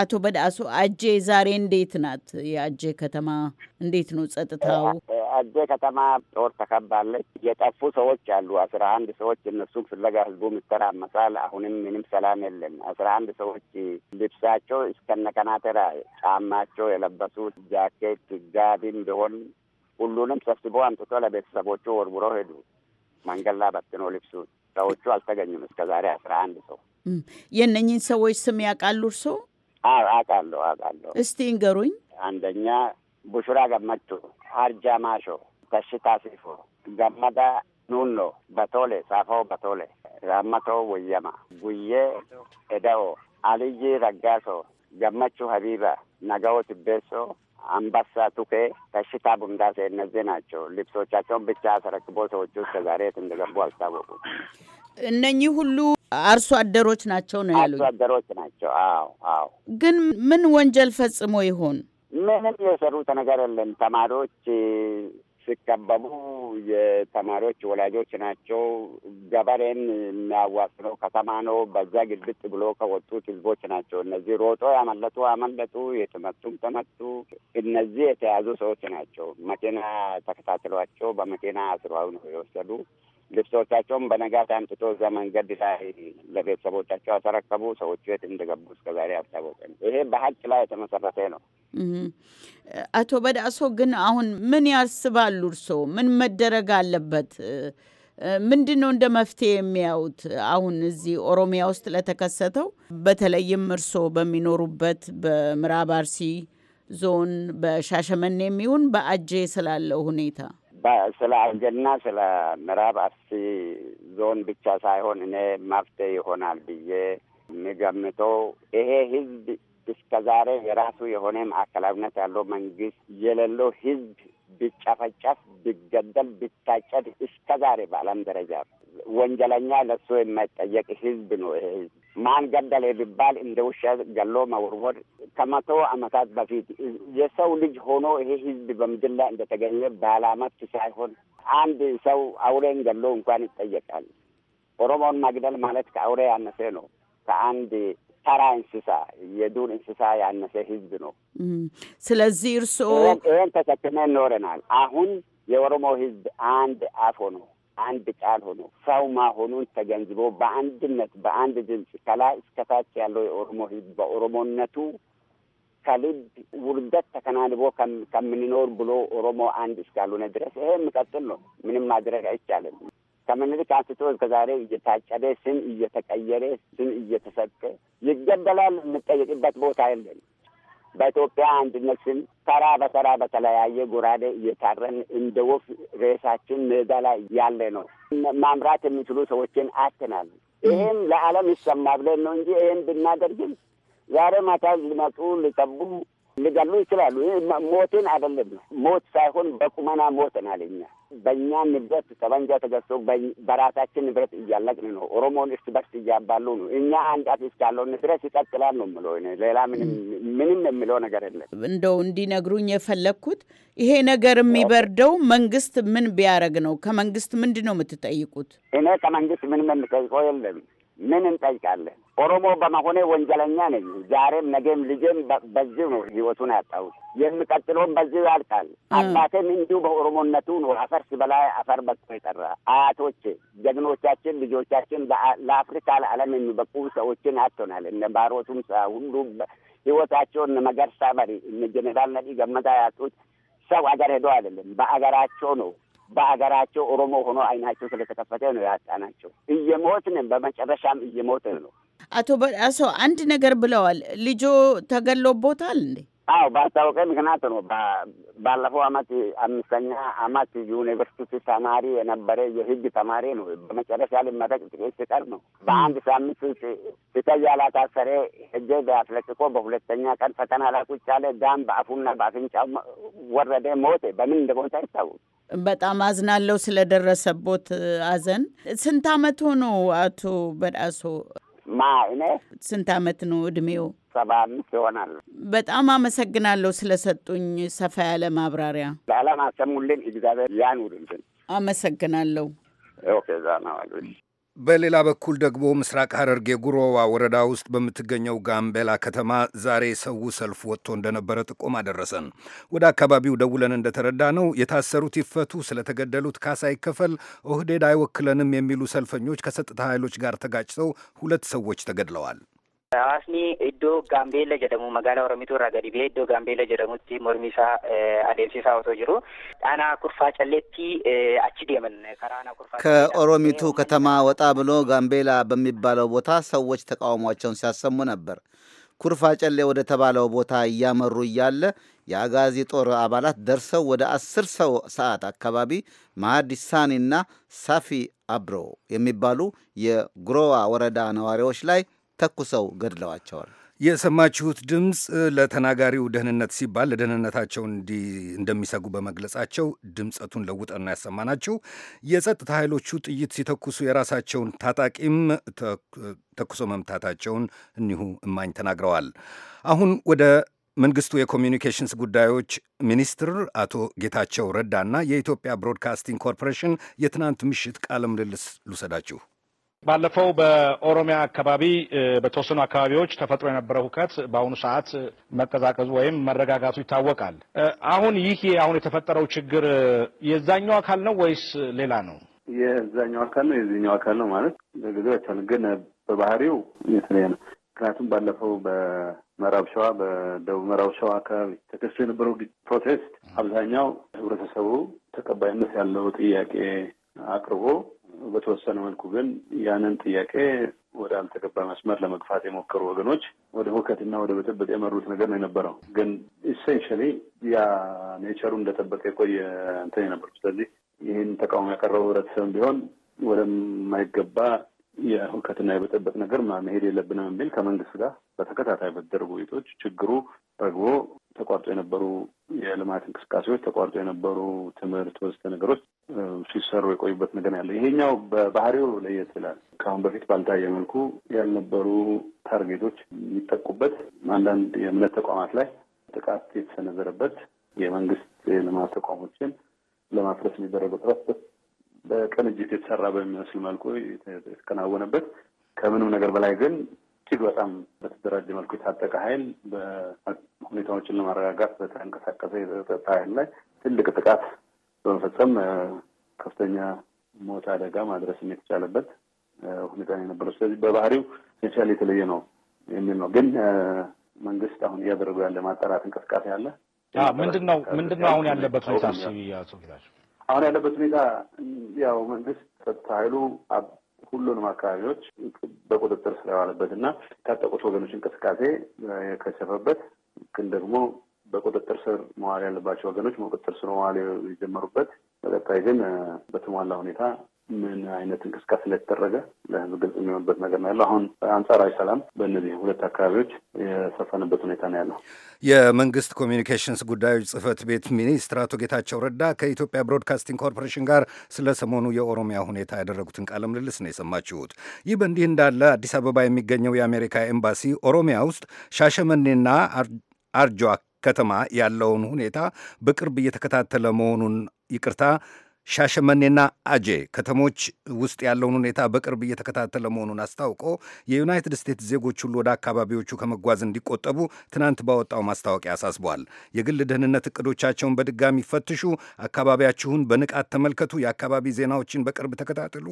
አቶ በዳሱ አጄ ዛሬ እንዴት ናት? የአጄ ከተማ እንዴት ነው ጸጥታው? አጄ ከተማ ጦር ተከባለች። የጠፉ ሰዎች አሉ አስራ አንድ ሰዎች። እነሱም ፍለጋ ህዝቡም ይተራመሳል። አሁንም ምንም ሰላም የለም። አስራ አንድ ሰዎች ልብሳቸው እስከነከናተራ ጫማቸው የለበሱት ጃኬት ጋቢም ቢሆን ሁሉንም ሰብስቦ አምጥቶ ለቤተሰቦቹ ወርውረው ሄዱ። መንገድ ላይ በትኖ ልብሱ ሰዎቹ አልተገኙም። እስከ ዛሬ አስራ አንድ ሰው የእነኝህን ሰዎች ስም ያውቃሉ እርሶ አውቃለሁ አውቃለሁ። እስቲ እንገሩኝ። አንደኛ ቡሹራ ገመቹ፣ አርጃ ማሾ፣ ተሽታ ሲፎ፣ ገመዳ ኑኖ፣ በቶሌ ሳፋው፣ በቶሌ ራመቶ፣ ወየማ ጉዬ፣ ኤዳኦ፣ አልይ ረጋሶ፣ ገመቹ አርጃ ማሾ ተሽታ ሲፎ ገመዳ ኑኖ በቶሌ ሳፋው በቶሌ ራመቶ ወየማ ጉዬ እደኦ አልይ ረጋሶ ገመቹ ሀቢባ ነገው፣ ትቤሶ አምባሳ ቱኬ፣ ከሽታ ቡንዳሴ እነዚህ ናቸው። ልብሶቻቸውን ብቻ አስረክቦ ሰዎቹ እስከዛሬ የት እንደገቡ አልታወቁም። እነኚህ ሁሉ አርሶ አደሮች ናቸው ነው ያሉ። አርሶ አደሮች ናቸው። አዎ አዎ። ግን ምን ወንጀል ፈጽሞ ይሆን? ምንም የሰሩት ነገር የለም። ተማሪዎች ሲቀበሉ የተማሪዎች ወላጆች ናቸው። ገበሬን የሚያዋስነው ከተማ ነው። በዛ ግልብጥ ብሎ ከወጡት ህዝቦች ናቸው። እነዚህ ሮጦ ያመለጡ አመለጡ፣ የተመቱም ተመቱ። እነዚህ የተያዙ ሰዎች ናቸው። መኪና ተከታትሏቸው በመኪና አስሯዊ ነው የወሰዱ ልብሶቻቸውም በነጋት አምጥቶ እዛ መንገድ ላይ ለቤተሰቦቻቸው አተረከቡ። ሰዎቹ የት እንደገቡ እስከዛሬ አልታወቀም። ይሄ በሀቅ ላይ የተመሰረተ ነው። አቶ በዳሶ ግን አሁን ምን ያስባሉ እርስዎ? ምን መደረግ አለበት? ምንድን ነው እንደ መፍትሄ የሚያዩት? አሁን እዚህ ኦሮሚያ ውስጥ ለተከሰተው በተለይም እርስዎ በሚኖሩበት በምዕራብ አርሲ ዞን በሻሸመኔ የሚሆን በአጄ ስላለው ሁኔታ ስለ አርገና ስለ ምዕራብ አርሲ ዞን ብቻ ሳይሆን እኔ መፍትሄ ይሆናል ብዬ የሚገምተው ይሄ ህዝብ እስከ ዛሬ የራሱ የሆነ ማዕከላዊነት ያለው መንግስት የሌለው ህዝብ ቢጨፈጨፍ፣ ቢገደል፣ ቢታጨድ እስከ ዛሬ በዓለም ደረጃ ወንጀለኛ ለሱ የማይጠየቅ ህዝብ ነው። ይሄ ህዝብ ማን ገደለ ቢባል እንደ ውሻ ገሎ መወርወር ከመቶ አመታት በፊት የሰው ልጅ ሆኖ ይሄ ህዝብ በምድር ላይ እንደተገኘ ባለመብት ሳይሆን አንድ ሰው አውሬን ገሎ እንኳን ይጠየቃል። ኦሮሞን መግደል ማለት ከአውሬ ያነሰ ነው። ከአንድ ተራ እንስሳ የዱር እንስሳ ያነሰ ህዝብ ነው። ስለዚህ እርስዎ ይህን ተሸክመን ኖረናል። አሁን የኦሮሞ ህዝብ አንድ አፍ ነው። አንድ ቃል ሆኖ ሰው ማሆኑን ተገንዝቦ በአንድነት በአንድ ድምፅ ከላይ እስከታች ያለው የኦሮሞ ህዝብ በኦሮሞነቱ ከልብ ውርደት ተከናንቦ ከምንኖር ብሎ ኦሮሞ አንድ እስካልሆነ ድረስ ይሄ የሚቀጥል ነው። ምንም ማድረግ አይቻልም። ከምኒልክ አንስቶ እስከ ዛሬ እየታጨደ ስም እየተቀየረ ስም እየተሰጠ ይገደላል። የምጠየቅበት ቦታ የለን። በኢትዮጵያ አንድነት ስም ተራ በተራ በተለያየ ጎራዴ እየታረን እንደ ወፍ ሬሳችን ሜዳ ላይ ያለ ነው። ማምራት የሚችሉ ሰዎችን አትናል። ይህም ለዓለም ይሰማ ብለን ነው እንጂ ይህን ብናደርግም ዛሬ ማታ ሊመጡ ሊጠቡ ሊገሉ ይችላሉ። ሞትን አይደለም ሞት ሳይሆን በቁመና ሞትን አለኛ በእኛ ንብረት ጠበንጃ ተገዝቶ በራሳችን ንብረት እያለቅን ነው። ኦሮሞን እርስ በርስ እያባሉ ነው። እኛ አንድ አፍ እስካለውን ንብረት ይቀጥላል ነው የምለው። ሌላ ምንም ምንም የምለው ነገር የለም። እንደው እንዲነግሩኝ የፈለግኩት ይሄ ነገር የሚበርደው መንግስት ምን ቢያደርግ ነው? ከመንግስት ምንድን ነው የምትጠይቁት? እኔ ከመንግስት ምንም የምጠይቀው የለም። ምን እንጠይቃለን? ኦሮሞ በመሆኔ ወንጀለኛ ነኝ። ዛሬም ነገም ልጄም በዚሁ ነው ህይወቱን ያጣው። የሚቀጥለውም በዚሁ ያልቃል። አባቴም እንዲሁ በኦሮሞነቱ ነው አፈር ሲበላ አፈር በቅቶ የቀረ። አያቶች ጀግኖቻችን፣ ልጆቻችን ለአፍሪካ ለዓለም የሚበቁ ሰዎችን አጥተናል። እነ ባሮቱም ሁሉ ህይወታቸውን እነ መገርሳ በሪ እነ ነዲ ገመዳ ያጡት ሰው አገር ሄዶ አይደለም በአገራቸው ነው በሀገራቸው ኦሮሞ ሆኖ አይናቸው ስለተከፈተ ነው ያጣናቸው። እየሞትን በመጨረሻም እየሞትን ነው። አቶ በዳሶ አንድ ነገር ብለዋል። ልጆ ተገሎቦታል እንዴ? አዎ ባስታወቀ ምክንያት ነው። ባለፈው አመት አምስተኛ አመት ዩኒቨርሲቲ ተማሪ የነበረ የህግ ተማሪ ነው። በመጨረሻ ልመረቅ ጥቂት ሲቀር ነው በአንድ ሳምንት ውስጥ ላታሰረ ያላታሰረ ህጄ አስለቅቆ በሁለተኛ ቀን ፈተና ላቁጭ ቁጭ ያለ ዳም በአፉና በአፍንጫው ወረደ፣ ሞተ። በምን እንደሞተ አይታወቅም። በጣም አዝናለሁ ስለደረሰቦት አዘን። ስንት አመት ሆኖ አቶ በዳሶ? ማ እኔ ስንት አመት ነው እድሜው? ሰባ አምስት ይሆናል። በጣም አመሰግናለሁ ስለሰጡኝ ሰፋ ያለ ማብራሪያ። ለዓላማ ሰሙልን። እግዚአብሔር ያኑርልን። አመሰግናለሁ። ኦኬ ዛና በሌላ በኩል ደግሞ ምስራቅ ሐረርጌ ጉሮዋ ወረዳ ውስጥ በምትገኘው ጋምቤላ ከተማ ዛሬ ሰው ሰልፍ ወጥቶ እንደነበረ ጥቆማ ደረሰን። ወደ አካባቢው ደውለን እንደተረዳ ነው የታሰሩት ይፈቱ፣ ስለተገደሉት ካሳ ይከፈል፣ ኦህዴድ አይወክለንም የሚሉ ሰልፈኞች ከጸጥታ ኃይሎች ጋር ተጋጭተው ሁለት ሰዎች ተገድለዋል። Hawaasni iddoo Gaambeella jedhamu magaalaa Oromituu irraa gadi ba'ee iddoo Gaambeella jedhamutti mormi isaa eh, adeemsisaa otoo jiru ጣና ኩርፋ ጨሌቲ አቺ ደመን ከራና ኩርፋ ከኦሮሚቱ ከተማ ወጣ ብሎ ጋምቤላ በሚባለው ቦታ ሰዎች ተቃውሟቸውን ሲያሰሙ ነበር። ኩርፋ ጨሌ ወደ ተባለው ቦታ እያመሩ እያለ የአጋዚ ጦር አባላት ደርሰው ወደ አስር ሰው ሰዓት አካባቢ ማሀዲሳኒና ሳፊ አብሮ የሚባሉ የጉሮዋ ወረዳ ነዋሪዎች ላይ ተኩሰው ገድለዋቸዋል። የሰማችሁት ድምፅ ለተናጋሪው ደህንነት ሲባል ለደህንነታቸው እንደሚሰጉ በመግለጻቸው ድምፀቱን ለውጠና ያሰማናችሁ የጸጥታ ኃይሎቹ ጥይት ሲተኩሱ የራሳቸውን ታጣቂም ተኩሶ መምታታቸውን እኒሁ እማኝ ተናግረዋል። አሁን ወደ መንግስቱ የኮሚኒኬሽንስ ጉዳዮች ሚኒስትር አቶ ጌታቸው ረዳና የኢትዮጵያ ብሮድካስቲንግ ኮርፖሬሽን የትናንት ምሽት ቃለ ምልልስ ልውሰዳችሁ። ባለፈው በኦሮሚያ አካባቢ በተወሰኑ አካባቢዎች ተፈጥሮ የነበረ ሁከት በአሁኑ ሰዓት መቀዛቀዙ ወይም መረጋጋቱ ይታወቃል። አሁን ይህ አሁን የተፈጠረው ችግር የዛኛው አካል ነው ወይስ ሌላ ነው? የዛኛው አካል ነው የዚህኛው አካል ነው ማለት ለጊዜው አይቻልም፣ ግን በባህሪው የተለየ ነው። ምክንያቱም ባለፈው በምዕራብ ሸዋ በደቡብ ምዕራብ ሸዋ አካባቢ ተከስቶ የነበረው ፕሮቴስት አብዛኛው ህብረተሰቡ ተቀባይነት ያለው ጥያቄ አቅርቦ በተወሰነ መልኩ ግን ያንን ጥያቄ ወደ አልተገባ መስመር ለመግፋት የሞከሩ ወገኖች ወደ ሁከትና ወደ ብጥብጥ የመሩት ነገር ነው የነበረው። ግን ኢሴንሽሊ ያ ኔቸሩ እንደጠበቀ የቆየ እንትን የነበሩ። ስለዚህ ይህን ተቃውሞ ያቀረበው ህብረተሰብም ቢሆን ወደማይገባ የሁከትና የብጥብጥ ነገር መሄድ የለብንም የሚል ከመንግስት ጋር በተከታታይ በተደረጉ ውይይቶች ችግሩ ረግቦ ተቋርጦ የነበሩ የልማት እንቅስቃሴዎች ተቋርጦ የነበሩ ትምህርት ወዘተ ነገሮች ሲሰሩ የቆዩበት ነገር ያለ። ይሄኛው በባህሪው ለየት ይላል። ከአሁን በፊት ባልታየ መልኩ ያልነበሩ ታርጌቶች የሚጠቁበት፣ አንዳንድ የእምነት ተቋማት ላይ ጥቃት የተሰነዘረበት፣ የመንግስት የልማት ተቋሞችን ለማፍረስ የሚደረገው ጥረት በቅንጅት የተሰራ በሚመስል መልኩ የተከናወነበት ከምንም ነገር በላይ ግን እጅግ በጣም በተደራጀ መልኩ የታጠቀ ኃይል ሁኔታዎችን ለማረጋጋት በተንቀሳቀሰ የጸጥታ ኃይል ላይ ትልቅ ጥቃት በመፈጸም ከፍተኛ ሞት አደጋ ማድረስ የተቻለበት ሁኔታ ነው የነበረው። ስለዚህ በባህሪው ሴንሻል የተለየ ነው የሚል ነው። ግን መንግስት አሁን እያደረጉ ያለ ማጣራት እንቅስቃሴ አለ። ምንድን ነው ምንድን ነው አሁን ያለበት ሁኔታ? አሁን ያለበት ሁኔታ ያው መንግስት ጸጥታ ኃይሉ ሁሉንም አካባቢዎች በቁጥጥር ስለዋለበት እና የታጠቁት ወገኖች እንቅስቃሴ የከሸፈበት ግን ደግሞ በቁጥጥር ስር መዋል ያለባቸው ወገኖች በቁጥጥር ስር መዋል የጀመሩበት በቀጣይ ግን በተሟላ ሁኔታ ምን አይነት እንቅስቃሴ ለተደረገ ለህዝብ ግልጽ የሚሆንበት ነገር ነው ያለው። አሁን አንጻራዊ ሰላም በእነዚህ ሁለት አካባቢዎች የሰፈነበት ሁኔታ ነው ያለው። የመንግስት ኮሚኒኬሽንስ ጉዳዮች ጽህፈት ቤት ሚኒስትር አቶ ጌታቸው ረዳ ከኢትዮጵያ ብሮድካስቲንግ ኮርፖሬሽን ጋር ስለ ሰሞኑ የኦሮሚያ ሁኔታ ያደረጉትን ቃለ ምልልስ ነው የሰማችሁት። ይህ በእንዲህ እንዳለ አዲስ አበባ የሚገኘው የአሜሪካ ኤምባሲ ኦሮሚያ ውስጥ ሻሸመኔና አርጆ ከተማ ያለውን ሁኔታ በቅርብ እየተከታተለ መሆኑን ይቅርታ ሻሸመኔና አጄ ከተሞች ውስጥ ያለውን ሁኔታ በቅርብ እየተከታተለ መሆኑን አስታውቆ የዩናይትድ ስቴትስ ዜጎች ሁሉ ወደ አካባቢዎቹ ከመጓዝ እንዲቆጠቡ ትናንት ባወጣው ማስታወቂያ አሳስቧል። የግል ደህንነት እቅዶቻቸውን በድጋሚ ፈትሹ፣ አካባቢያችሁን በንቃት ተመልከቱ፣ የአካባቢ ዜናዎችን በቅርብ ተከታተሉ፣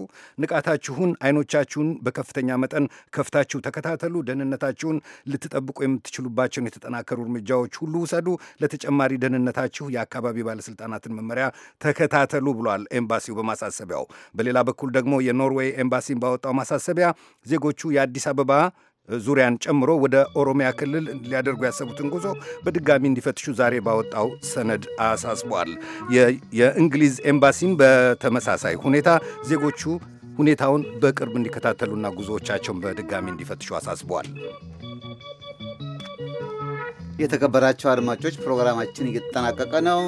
ንቃታችሁን፣ አይኖቻችሁን በከፍተኛ መጠን ከፍታችሁ ተከታተሉ፣ ደህንነታችሁን ልትጠብቁ የምትችሉባቸውን የተጠናከሩ እርምጃዎች ሁሉ ውሰዱ፣ ለተጨማሪ ደህንነታችሁ የአካባቢ ባለስልጣናትን መመሪያ ተከታተሉ ብሎ ብሏል ኤምባሲው በማሳሰቢያው። በሌላ በኩል ደግሞ የኖርዌይ ኤምባሲን ባወጣው ማሳሰቢያ ዜጎቹ የአዲስ አበባ ዙሪያን ጨምሮ ወደ ኦሮሚያ ክልል ሊያደርጉ ያሰቡትን ጉዞ በድጋሚ እንዲፈትሹ ዛሬ ባወጣው ሰነድ አሳስቧል። የእንግሊዝ ኤምባሲም በተመሳሳይ ሁኔታ ዜጎቹ ሁኔታውን በቅርብ እንዲከታተሉና ጉዞዎቻቸውን በድጋሚ እንዲፈትሹ አሳስቧል። የተከበራቸው አድማጮች ፕሮግራማችን እየተጠናቀቀ ነው።